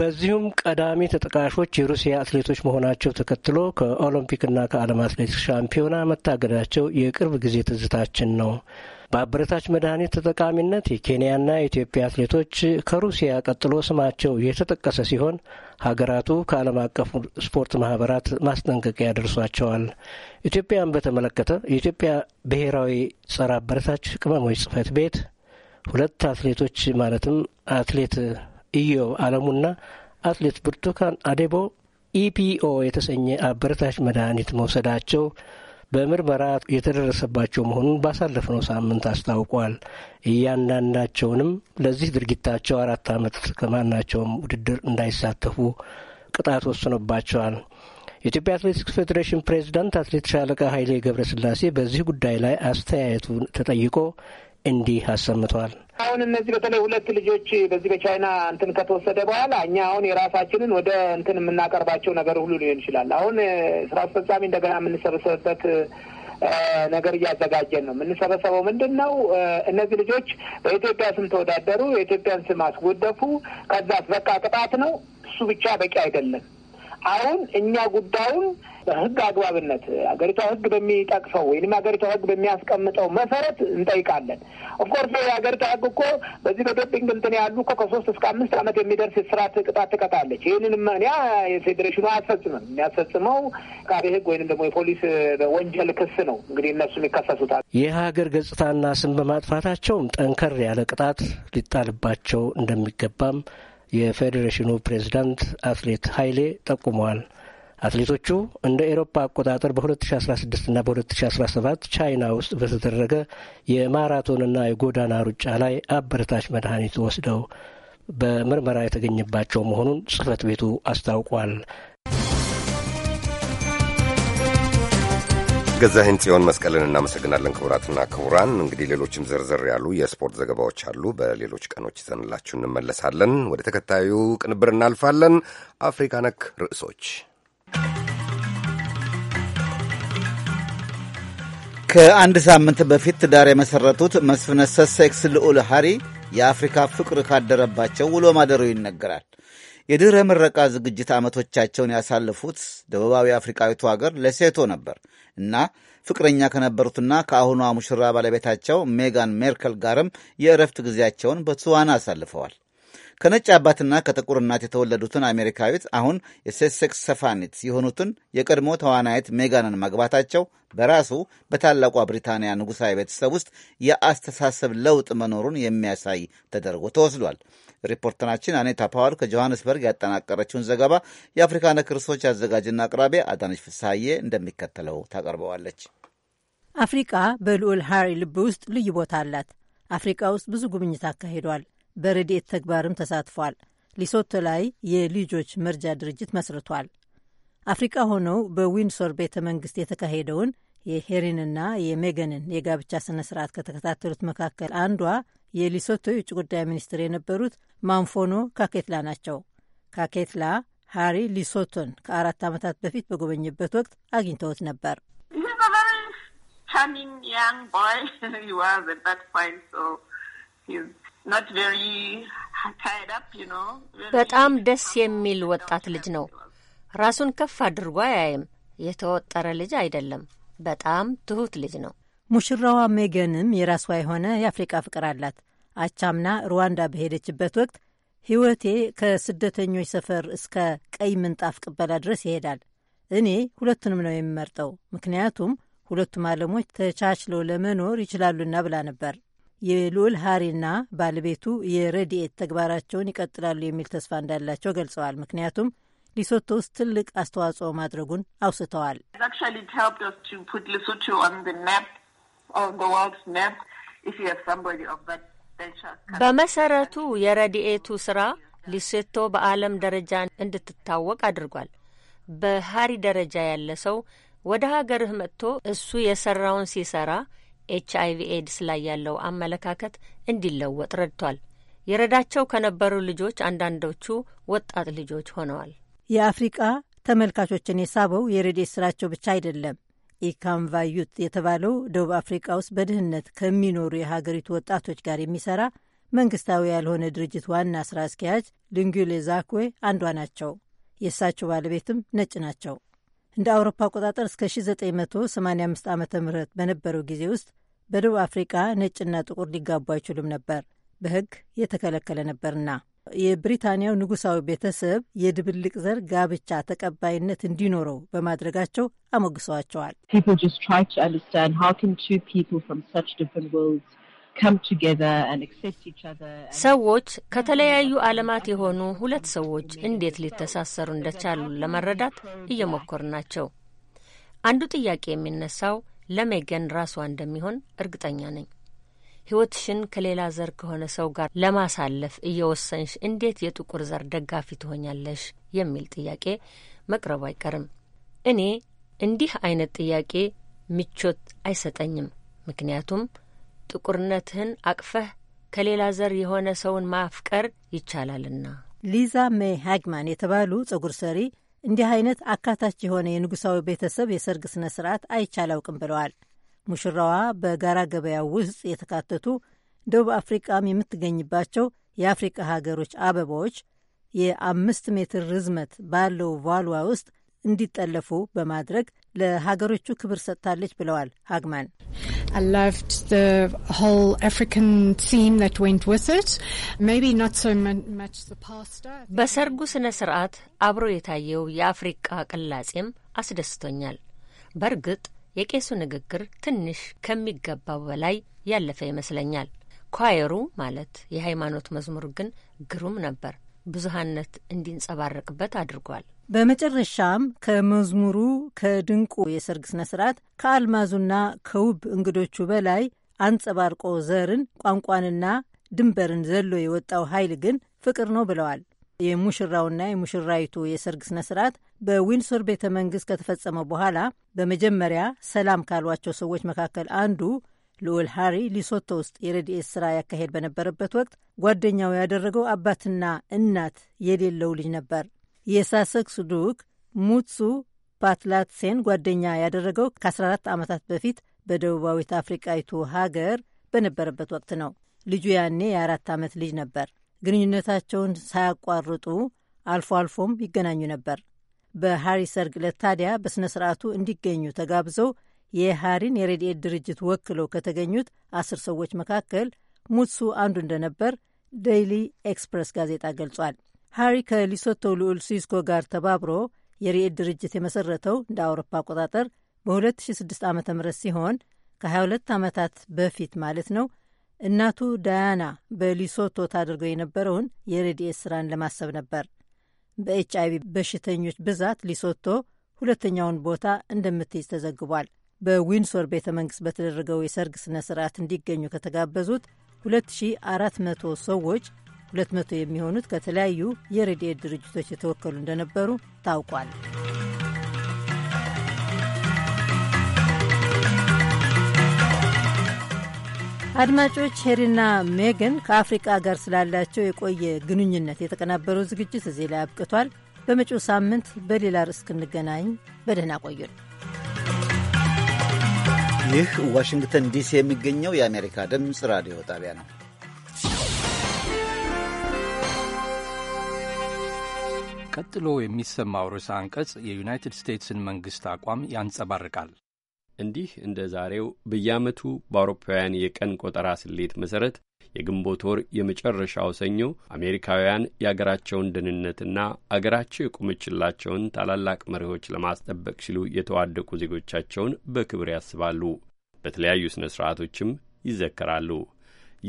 በዚሁም ቀዳሚ ተጠቃሾች የሩሲያ አትሌቶች መሆናቸው ተከትሎ ከኦሎምፒክና ከዓለም አትሌቲክስ ሻምፒዮና መታገዳቸው የቅርብ ጊዜ ትዝታችን ነው። በአበረታች መድኃኒት ተጠቃሚነት የኬንያና የኢትዮጵያ አትሌቶች ከሩሲያ ቀጥሎ ስማቸው የተጠቀሰ ሲሆን ሀገራቱ ከዓለም አቀፉ ስፖርት ማህበራት ማስጠንቀቂያ ደርሷቸዋል። ኢትዮጵያን በተመለከተ የኢትዮጵያ ብሔራዊ ጸረ አበረታች ቅመሞች ጽህፈት ቤት ሁለት አትሌቶች ማለትም አትሌት እዮ አለሙና አትሌት ብርቱካን አዴቦ ኢፒኦ የተሰኘ አበረታች መድኃኒት መውሰዳቸው በምርመራ የተደረሰባቸው መሆኑን ባሳለፍነው ሳምንት አስታውቋል። እያንዳንዳቸውንም ለዚህ ድርጊታቸው አራት ዓመት ከማናቸውም ውድድር እንዳይሳተፉ ቅጣት ወስኖባቸዋል። የኢትዮጵያ አትሌቲክስ ፌዴሬሽን ፕሬዚዳንት አትሌት ሻለቃ ኃይሌ ገብረስላሴ በዚህ ጉዳይ ላይ አስተያየቱ ተጠይቆ እንዲህ አሰምተዋል። አሁን እነዚህ በተለይ ሁለት ልጆች በዚህ በቻይና እንትን ከተወሰደ በኋላ እኛ አሁን የራሳችንን ወደ እንትን የምናቀርባቸው ነገር ሁሉ ሊሆን ይችላል። አሁን ስራ አስፈጻሚ እንደገና የምንሰበሰብበት ነገር እያዘጋጀን ነው። የምንሰበሰበው ምንድን ነው? እነዚህ ልጆች በኢትዮጵያ ስም ተወዳደሩ፣ የኢትዮጵያን ስም አስጎደፉ። ከዛ በቃ ቅጣት ነው። እሱ ብቻ በቂ አይደለም። አሁን እኛ ጉዳዩን በህግ አግባብነት አገሪቷ ህግ በሚጠቅሰው ወይም አገሪቷ ህግ በሚያስቀምጠው መሰረት እንጠይቃለን። ኦፍኮርስ የአገሪቷ ህግ እኮ በዚህ በዶፒንግ እንትን ያሉ እኮ ከሶስት እስከ አምስት ዓመት የሚደርስ የስርዓት ቅጣት ትቀጣለች። ይህንን እኒያ የፌዴሬሽኑ አያስፈጽምም። የሚያስፈጽመው ቃቤ ህግ ወይም ደግሞ የፖሊስ ወንጀል ክስ ነው። እንግዲህ እነሱም ይከሰሱታል። የሀገር ገጽታና ስም በማጥፋታቸውም ጠንከር ያለ ቅጣት ሊጣልባቸው እንደሚገባም የፌዴሬሽኑ ፕሬዚዳንት አትሌት ኃይሌ ጠቁመዋል። አትሌቶቹ እንደ ኤሮፓ አቆጣጠር በ2016ና በ2017 ቻይና ውስጥ በተደረገ የማራቶንና የጎዳና ሩጫ ላይ አበረታች መድኃኒት ወስደው በምርመራ የተገኘባቸው መሆኑን ጽህፈት ቤቱ አስታውቋል። ገዛህን ጽዮን መስቀልን እናመሰግናለን። ክቡራትና ክቡራን እንግዲህ ሌሎችም ዝርዝር ያሉ የስፖርት ዘገባዎች አሉ። በሌሎች ቀኖች ይዘንላችሁ እንመለሳለን። ወደ ተከታዩ ቅንብር እናልፋለን። አፍሪካ ነክ ርዕሶች ከአንድ ሳምንት በፊት ትዳር የመሠረቱት መስፍነ ሰሴክስ ልዑል ሐሪ የአፍሪካ ፍቅር ካደረባቸው ውሎ ማደሩ ይነገራል። የድኅረ ምረቃ ዝግጅት ዓመቶቻቸውን ያሳለፉት ደቡባዊ አፍሪካዊቱ አገር ለሴቶ ነበር እና ፍቅረኛ ከነበሩትና ከአሁኗ ሙሽራ ባለቤታቸው ሜጋን ሜርከል ጋርም የእረፍት ጊዜያቸውን በትዋና አሳልፈዋል። ከነጭ አባትና ከጥቁር እናት የተወለዱትን አሜሪካዊት አሁን የሴሴክስ ሰፋኒት የሆኑትን የቀድሞ ተዋናይት ሜጋንን ማግባታቸው በራሱ በታላቋ ብሪታንያ ንጉሣዊ ቤተሰብ ውስጥ የአስተሳሰብ ለውጥ መኖሩን የሚያሳይ ተደርጎ ተወስዷል። ሪፖርተራችን አኔታ ፓዋል ከጆሃንስበርግ ያጠናቀረችውን ዘገባ የአፍሪካ ነክ ርዕሶች አዘጋጅና አቅራቢ አዳነች ፍሳዬ እንደሚከተለው ታቀርበዋለች። አፍሪቃ በልዑል ሃሪ ልብ ውስጥ ልዩ ቦታ አላት። አፍሪቃ ውስጥ ብዙ ጉብኝት አካሂዷል። በረድኤት ተግባርም ተሳትፏል። ሊሶቶ ላይ የልጆች መርጃ ድርጅት መስርቷል። አፍሪቃ ሆነው በዊንሶር ቤተ መንግስት የተካሄደውን የሄሪንና የሜገንን የጋብቻ ስነ ስርዓት ከተከታተሉት መካከል አንዷ የሊሶቶ የውጭ ጉዳይ ሚኒስትር የነበሩት ማንፎኖ ካኬትላ ናቸው። ካኬትላ ሃሪ ሊሶቶን ከአራት ዓመታት በፊት በጎበኝበት ወቅት አግኝተውት ነበር። በጣም ደስ የሚል ወጣት ልጅ ነው። ራሱን ከፍ አድርጎ አያይም። የተወጠረ ልጅ አይደለም። በጣም ትሁት ልጅ ነው። ሙሽራዋ ሜገንም የራሷ የሆነ የአፍሪቃ ፍቅር አላት። አቻምና ሩዋንዳ በሄደችበት ወቅት ሕይወቴ ከስደተኞች ሰፈር እስከ ቀይ ምንጣፍ ቅበላ ድረስ ይሄዳል። እኔ ሁለቱንም ነው የሚመርጠው፣ ምክንያቱም ሁለቱም ዓለሞች ተቻችለው ለመኖር ይችላሉና ብላ ነበር። የልዑል ሃሪና ባለቤቱ የረድኤት ተግባራቸውን ይቀጥላሉ የሚል ተስፋ እንዳላቸው ገልጸዋል። ምክንያቱም ሊሶቶ ውስጥ ትልቅ አስተዋጽኦ ማድረጉን አውስተዋል። በመሰረቱ የረድኤቱ ስራ ሊሴቶ በዓለም ደረጃ እንድትታወቅ አድርጓል። በሀሪ ደረጃ ያለ ሰው ወደ ሀገርህ መጥቶ እሱ የሰራውን ሲሰራ ኤች ቪ ኤድስ ላይ ያለው አመለካከት እንዲለወጥ ረድቷል። የረዳቸው ከነበሩ ልጆች አንዳንዶቹ ወጣት ልጆች ሆነዋል። የአፍሪቃ ተመልካቾችን የሳበው የረድኤት ስራቸው ብቻ አይደለም። ኢካምቫ ዩት የተባለው ደቡብ አፍሪቃ ውስጥ በድህነት ከሚኖሩ የሀገሪቱ ወጣቶች ጋር የሚሰራ መንግስታዊ ያልሆነ ድርጅት ዋና ስራ አስኪያጅ ልንጉሌ ዛክዌ አንዷ ናቸው። የእሳቸው ባለቤትም ነጭ ናቸው። እንደ አውሮፓ አቆጣጠር እስከ 1985 ዓ ም በነበረው ጊዜ ውስጥ በደቡብ አፍሪቃ ነጭና ጥቁር ሊጋቡ አይችሉም ነበር፣ በሕግ የተከለከለ ነበርና። የብሪታንያው ንጉሳዊ ቤተሰብ የድብልቅ ዘር ጋብቻ ተቀባይነት እንዲኖረው በማድረጋቸው አሞግሰዋቸዋል። ሰዎች ከተለያዩ ዓለማት የሆኑ ሁለት ሰዎች እንዴት ሊተሳሰሩ እንደቻሉ ለመረዳት እየሞከሩ ናቸው። አንዱ ጥያቄ የሚነሳው ለሜገን ራሷ እንደሚሆን እርግጠኛ ነኝ። ሕይወትሽን ከሌላ ዘር ከሆነ ሰው ጋር ለማሳለፍ እየወሰንሽ እንዴት የጥቁር ዘር ደጋፊ ትሆኛለሽ? የሚል ጥያቄ መቅረቡ አይቀርም። እኔ እንዲህ አይነት ጥያቄ ምቾት አይሰጠኝም። ምክንያቱም ጥቁርነትህን አቅፈህ ከሌላ ዘር የሆነ ሰውን ማፍቀር ይቻላልና። ሊዛ ሜ ሃግማን የተባሉ ጸጉር ሰሪ እንዲህ አይነት አካታች የሆነ የንጉሳዊ ቤተሰብ የሰርግ ስነ ስርዓት አይቼ ብለዋል። ሙሽራዋ በጋራ ገበያ ውስጥ የተካተቱ ደቡብ አፍሪቃም የምትገኝባቸው የአፍሪቃ ሀገሮች አበባዎች የአምስት ሜትር ርዝመት ባለው ቫልዋ ውስጥ እንዲጠለፉ በማድረግ ለሀገሮቹ ክብር ሰጥታለች ብለዋል ሀግማን። በሰርጉ ስነ ስርዓት አብሮ የታየው የአፍሪቃ ቅላጼም አስደስቶኛል። በእርግጥ የቄሱ ንግግር ትንሽ ከሚገባው በላይ ያለፈ ይመስለኛል። ኳየሩ ማለት የሃይማኖት መዝሙር ግን ግሩም ነበር። ብዙሀነት እንዲንጸባረቅበት አድርጓል። በመጨረሻም ከመዝሙሩ ከድንቁ የሰርግ ስነ ስርዓት ከአልማዙና ከውብ እንግዶቹ በላይ አንጸባርቆ ዘርን ቋንቋንና ድንበርን ዘሎ የወጣው ኃይል ግን ፍቅር ነው ብለዋል። የሙሽራውና የሙሽራይቱ የሰርግ ስነ ስርዓት በዊንሶር ቤተ መንግስት ከተፈጸመ በኋላ በመጀመሪያ ሰላም ካሏቸው ሰዎች መካከል አንዱ ልዑል ሃሪ ሊሶቶ ውስጥ የረድኤት ስራ ያካሄድ በነበረበት ወቅት ጓደኛው ያደረገው አባትና እናት የሌለው ልጅ ነበር። የሳሰክስ ዱክ ሙትሱ ፓትላትሴን ጓደኛ ያደረገው ከ14 ዓመታት በፊት በደቡባዊት አፍሪቃዊቱ ሀገር በነበረበት ወቅት ነው። ልጁ ያኔ የአራት ዓመት ልጅ ነበር። ግንኙነታቸውን ሳያቋርጡ አልፎ አልፎም ይገናኙ ነበር። በሃሪ ሰርግ ዕለት ታዲያ በሥነ ሥርዓቱ እንዲገኙ ተጋብዘው የሃሪን የረድኤት ድርጅት ወክለው ከተገኙት አስር ሰዎች መካከል ሙትሱ አንዱ እንደነበር ዴይሊ ኤክስፕረስ ጋዜጣ ገልጿል። ሃሪ ከሊሶቶ ልዑል ሲስኮ ጋር ተባብሮ የሪኤድ ድርጅት የመሰረተው እንደ አውሮፓ አቆጣጠር በ2006 ዓ ም ሲሆን ከ22 ዓመታት በፊት ማለት ነው። እናቱ ዳያና በሊሶቶ ታደርገው የነበረውን የረድኤት ስራን ለማሰብ ነበር። በኤች አይቪ በሽተኞች ብዛት ሊሶቶ ሁለተኛውን ቦታ እንደምትይዝ ተዘግቧል። በዊንሶር ቤተ መንግሥት በተደረገው የሰርግ ሥነ ሥርዓት እንዲገኙ ከተጋበዙት 2400 ሰዎች 200 የሚሆኑት ከተለያዩ የረድኤት ድርጅቶች የተወከሉ እንደነበሩ ታውቋል። አድማጮች፣ ሄሪና ሜገን ከአፍሪቃ ጋር ስላላቸው የቆየ ግንኙነት የተቀናበረው ዝግጅት እዚህ ላይ አብቅቷል። በመጪው ሳምንት በሌላ ርዕስ እስክንገናኝ በደህና ቆዩን። ይህ ዋሽንግተን ዲሲ የሚገኘው የአሜሪካ ድምፅ ራዲዮ ጣቢያ ነው። ቀጥሎ የሚሰማው ርዕሰ አንቀጽ የዩናይትድ ስቴትስን መንግሥት አቋም ያንጸባርቃል። እንዲህ እንደ ዛሬው በየዓመቱ በአውሮፓውያን የቀን ቆጠራ ስሌት መሠረት የግንቦት ወር የመጨረሻው ሰኞ አሜሪካውያን የአገራቸውን ደህንነትና አገራቸው የቆመችላቸውን ታላላቅ መሪዎች ለማስጠበቅ ሲሉ የተዋደቁ ዜጎቻቸውን በክብር ያስባሉ፣ በተለያዩ ሥነ ሥርዓቶችም ይዘከራሉ።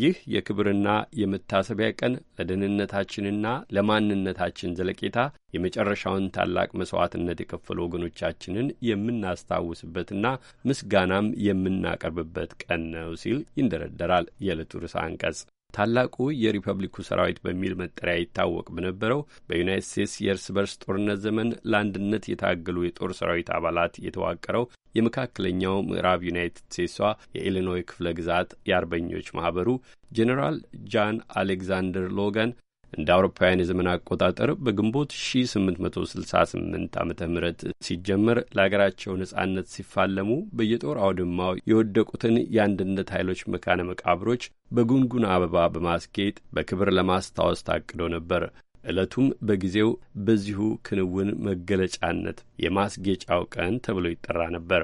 ይህ የክብርና የመታሰቢያ ቀን ለደህንነታችንና ለማንነታችን ዘለቄታ የመጨረሻውን ታላቅ መስዋዕትነት የከፈሉ ወገኖቻችንን የምናስታውስበትና ምስጋናም የምናቀርብበት ቀን ነው ሲል ይንደረደራል የዕለቱ ርዕሰ አንቀጽ። ታላቁ የሪፐብሊኩ ሰራዊት በሚል መጠሪያ ይታወቅ በነበረው በዩናይት ስቴትስ የእርስ በርስ ጦርነት ዘመን ለአንድነት የታገሉ የጦር ሰራዊት አባላት የተዋቀረው የመካከለኛው ምዕራብ ዩናይትድ ስቴትሷ የኢሊኖይ ክፍለ ግዛት የአርበኞች ማህበሩ ጄኔራል ጃን አሌግዛንደር ሎጋን እንደ አውሮፓውያን የዘመን አቆጣጠር በግንቦት 1868 ዓ ም ሲጀመር ለሀገራቸው ነጻነት ሲፋለሙ በየጦር አውድማው የወደቁትን የአንድነት ኃይሎች መካነ መቃብሮች በጉንጉን አበባ በማስጌጥ በክብር ለማስታወስ ታቅዶ ነበር። ዕለቱም በጊዜው በዚሁ ክንውን መገለጫነት የማስጌጫው ቀን ተብሎ ይጠራ ነበር።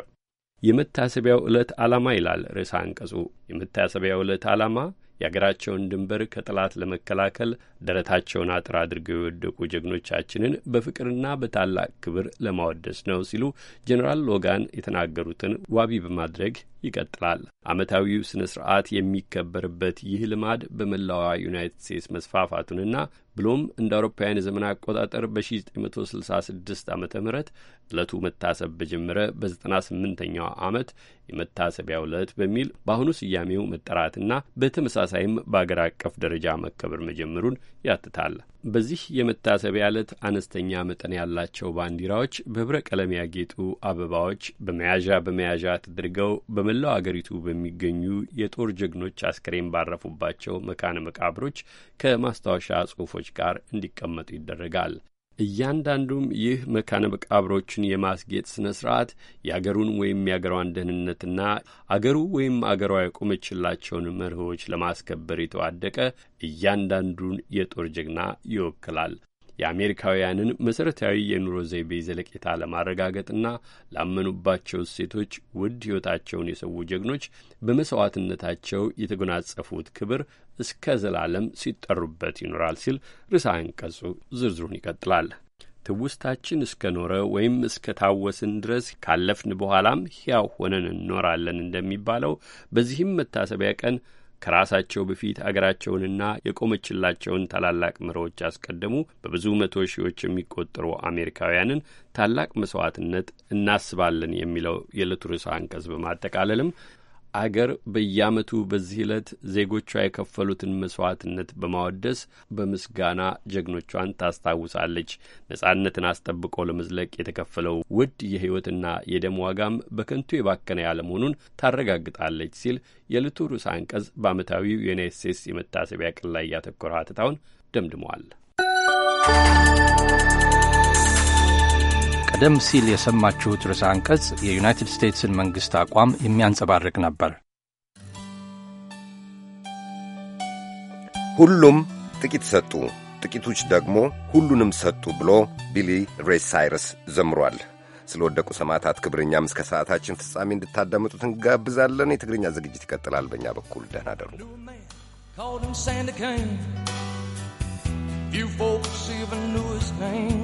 የመታሰቢያው ዕለት ዓላማ ይላል ርዕሰ አንቀጹ። የመታሰቢያው ዕለት ዓላማ የአገራቸውን ድንበር ከጠላት ለመከላከል ደረታቸውን አጥር አድርገው የወደቁ ጀግኖቻችንን በፍቅርና በታላቅ ክብር ለማወደስ ነው ሲሉ ጄኔራል ሎጋን የተናገሩትን ዋቢ በማድረግ ይቀጥላል። ዓመታዊው ስነ ስርዓት የሚከበርበት ይህ ልማድ በመላዋ ዩናይትድ ስቴትስ መስፋፋቱንና ብሎም እንደ አውሮፓውያን የዘመን አቆጣጠር በ1966 ዓ ም ዕለቱ መታሰብ በጀመረ በ98ኛው ዓመት የመታሰቢያ ዕለት በሚል በአሁኑ ስያሜው መጠራትና በተመሳሳይም በአገር አቀፍ ደረጃ መከበር መጀመሩን ያትታል። በዚህ የመታሰቢያ ዕለት አነስተኛ መጠን ያላቸው ባንዲራዎች በህብረ ቀለም ያጌጡ አበባዎች በመያዣ በመያዣ ተደርገው በመላው አገሪቱ በሚገኙ የጦር ጀግኖች አስከሬን ባረፉባቸው መካነ መቃብሮች ከማስታወሻ ጽሑፎች ጋር እንዲቀመጡ ይደረጋል። እያንዳንዱም ይህ መካነ መቃብሮችን የማስጌጥ ስነ ስርዓት የአገሩን ወይም የአገሯን ደህንነትና አገሩ ወይም አገሯ የቆመችላቸውን መርሆዎች ለማስከበር የተዋደቀ እያንዳንዱን የጦር ጀግና ይወክላል። የአሜሪካውያንን መሠረታዊ የኑሮ ዘይቤ ዘለቄታ ለማረጋገጥና ላመኑባቸው ሴቶች ውድ ሕይወታቸውን የሰው ጀግኖች በመሥዋዕትነታቸው የተጎናጸፉት ክብር እስከ ዘላለም ሲጠሩበት ይኖራል ሲል ርዕሰ አንቀጹ ዝርዝሩን ይቀጥላል። ትውስታችን እስከ ኖረ ወይም እስከ ታወስን ድረስ ካለፍን በኋላም ሕያው ሆነን እንኖራለን እንደሚባለው በዚህም መታሰቢያ ቀን ከራሳቸው በፊት አገራቸውንና የቆመችላቸውን ታላላቅ መርሆች ያስቀደሙ በብዙ መቶ ሺዎች የሚቆጠሩ አሜሪካውያንን ታላቅ መስዋዕትነት እናስባለን የሚለው የዕለቱ አንቀጽ በማጠቃለልም አገር በየዓመቱ በዚህ ዕለት ዜጎቿ የከፈሉትን መስዋዕትነት በማወደስ በምስጋና ጀግኖቿን ታስታውሳለች። ነጻነትን አስጠብቆ ለመዝለቅ የተከፈለው ውድ የሕይወትና የደም ዋጋም በከንቱ የባከነ ያለመሆኑን ታረጋግጣለች ሲል የዕለቱ ርዕሰ አንቀጽ በዓመታዊው የዩናይት ስቴትስ የመታሰቢያ ቀን ላይ ያተኮረ ሀተታውን ደምድመዋል። ቀደም ሲል የሰማችሁት ርዕሰ አንቀጽ የዩናይትድ ስቴትስን መንግሥት አቋም የሚያንጸባርቅ ነበር። ሁሉም ጥቂት ሰጡ፣ ጥቂቶች ደግሞ ሁሉንም ሰጡ ብሎ ቢሊ ሬይ ሳይረስ ዘምሯል። ስለ ወደቁ ሰማዕታት ክብርኛም እስከ ሰዓታችን ፍጻሜ እንድታዳምጡት እንጋብዛለን። የትግርኛ ዝግጅት ይቀጥላል። በእኛ በኩል ደህና You folks even knew his name.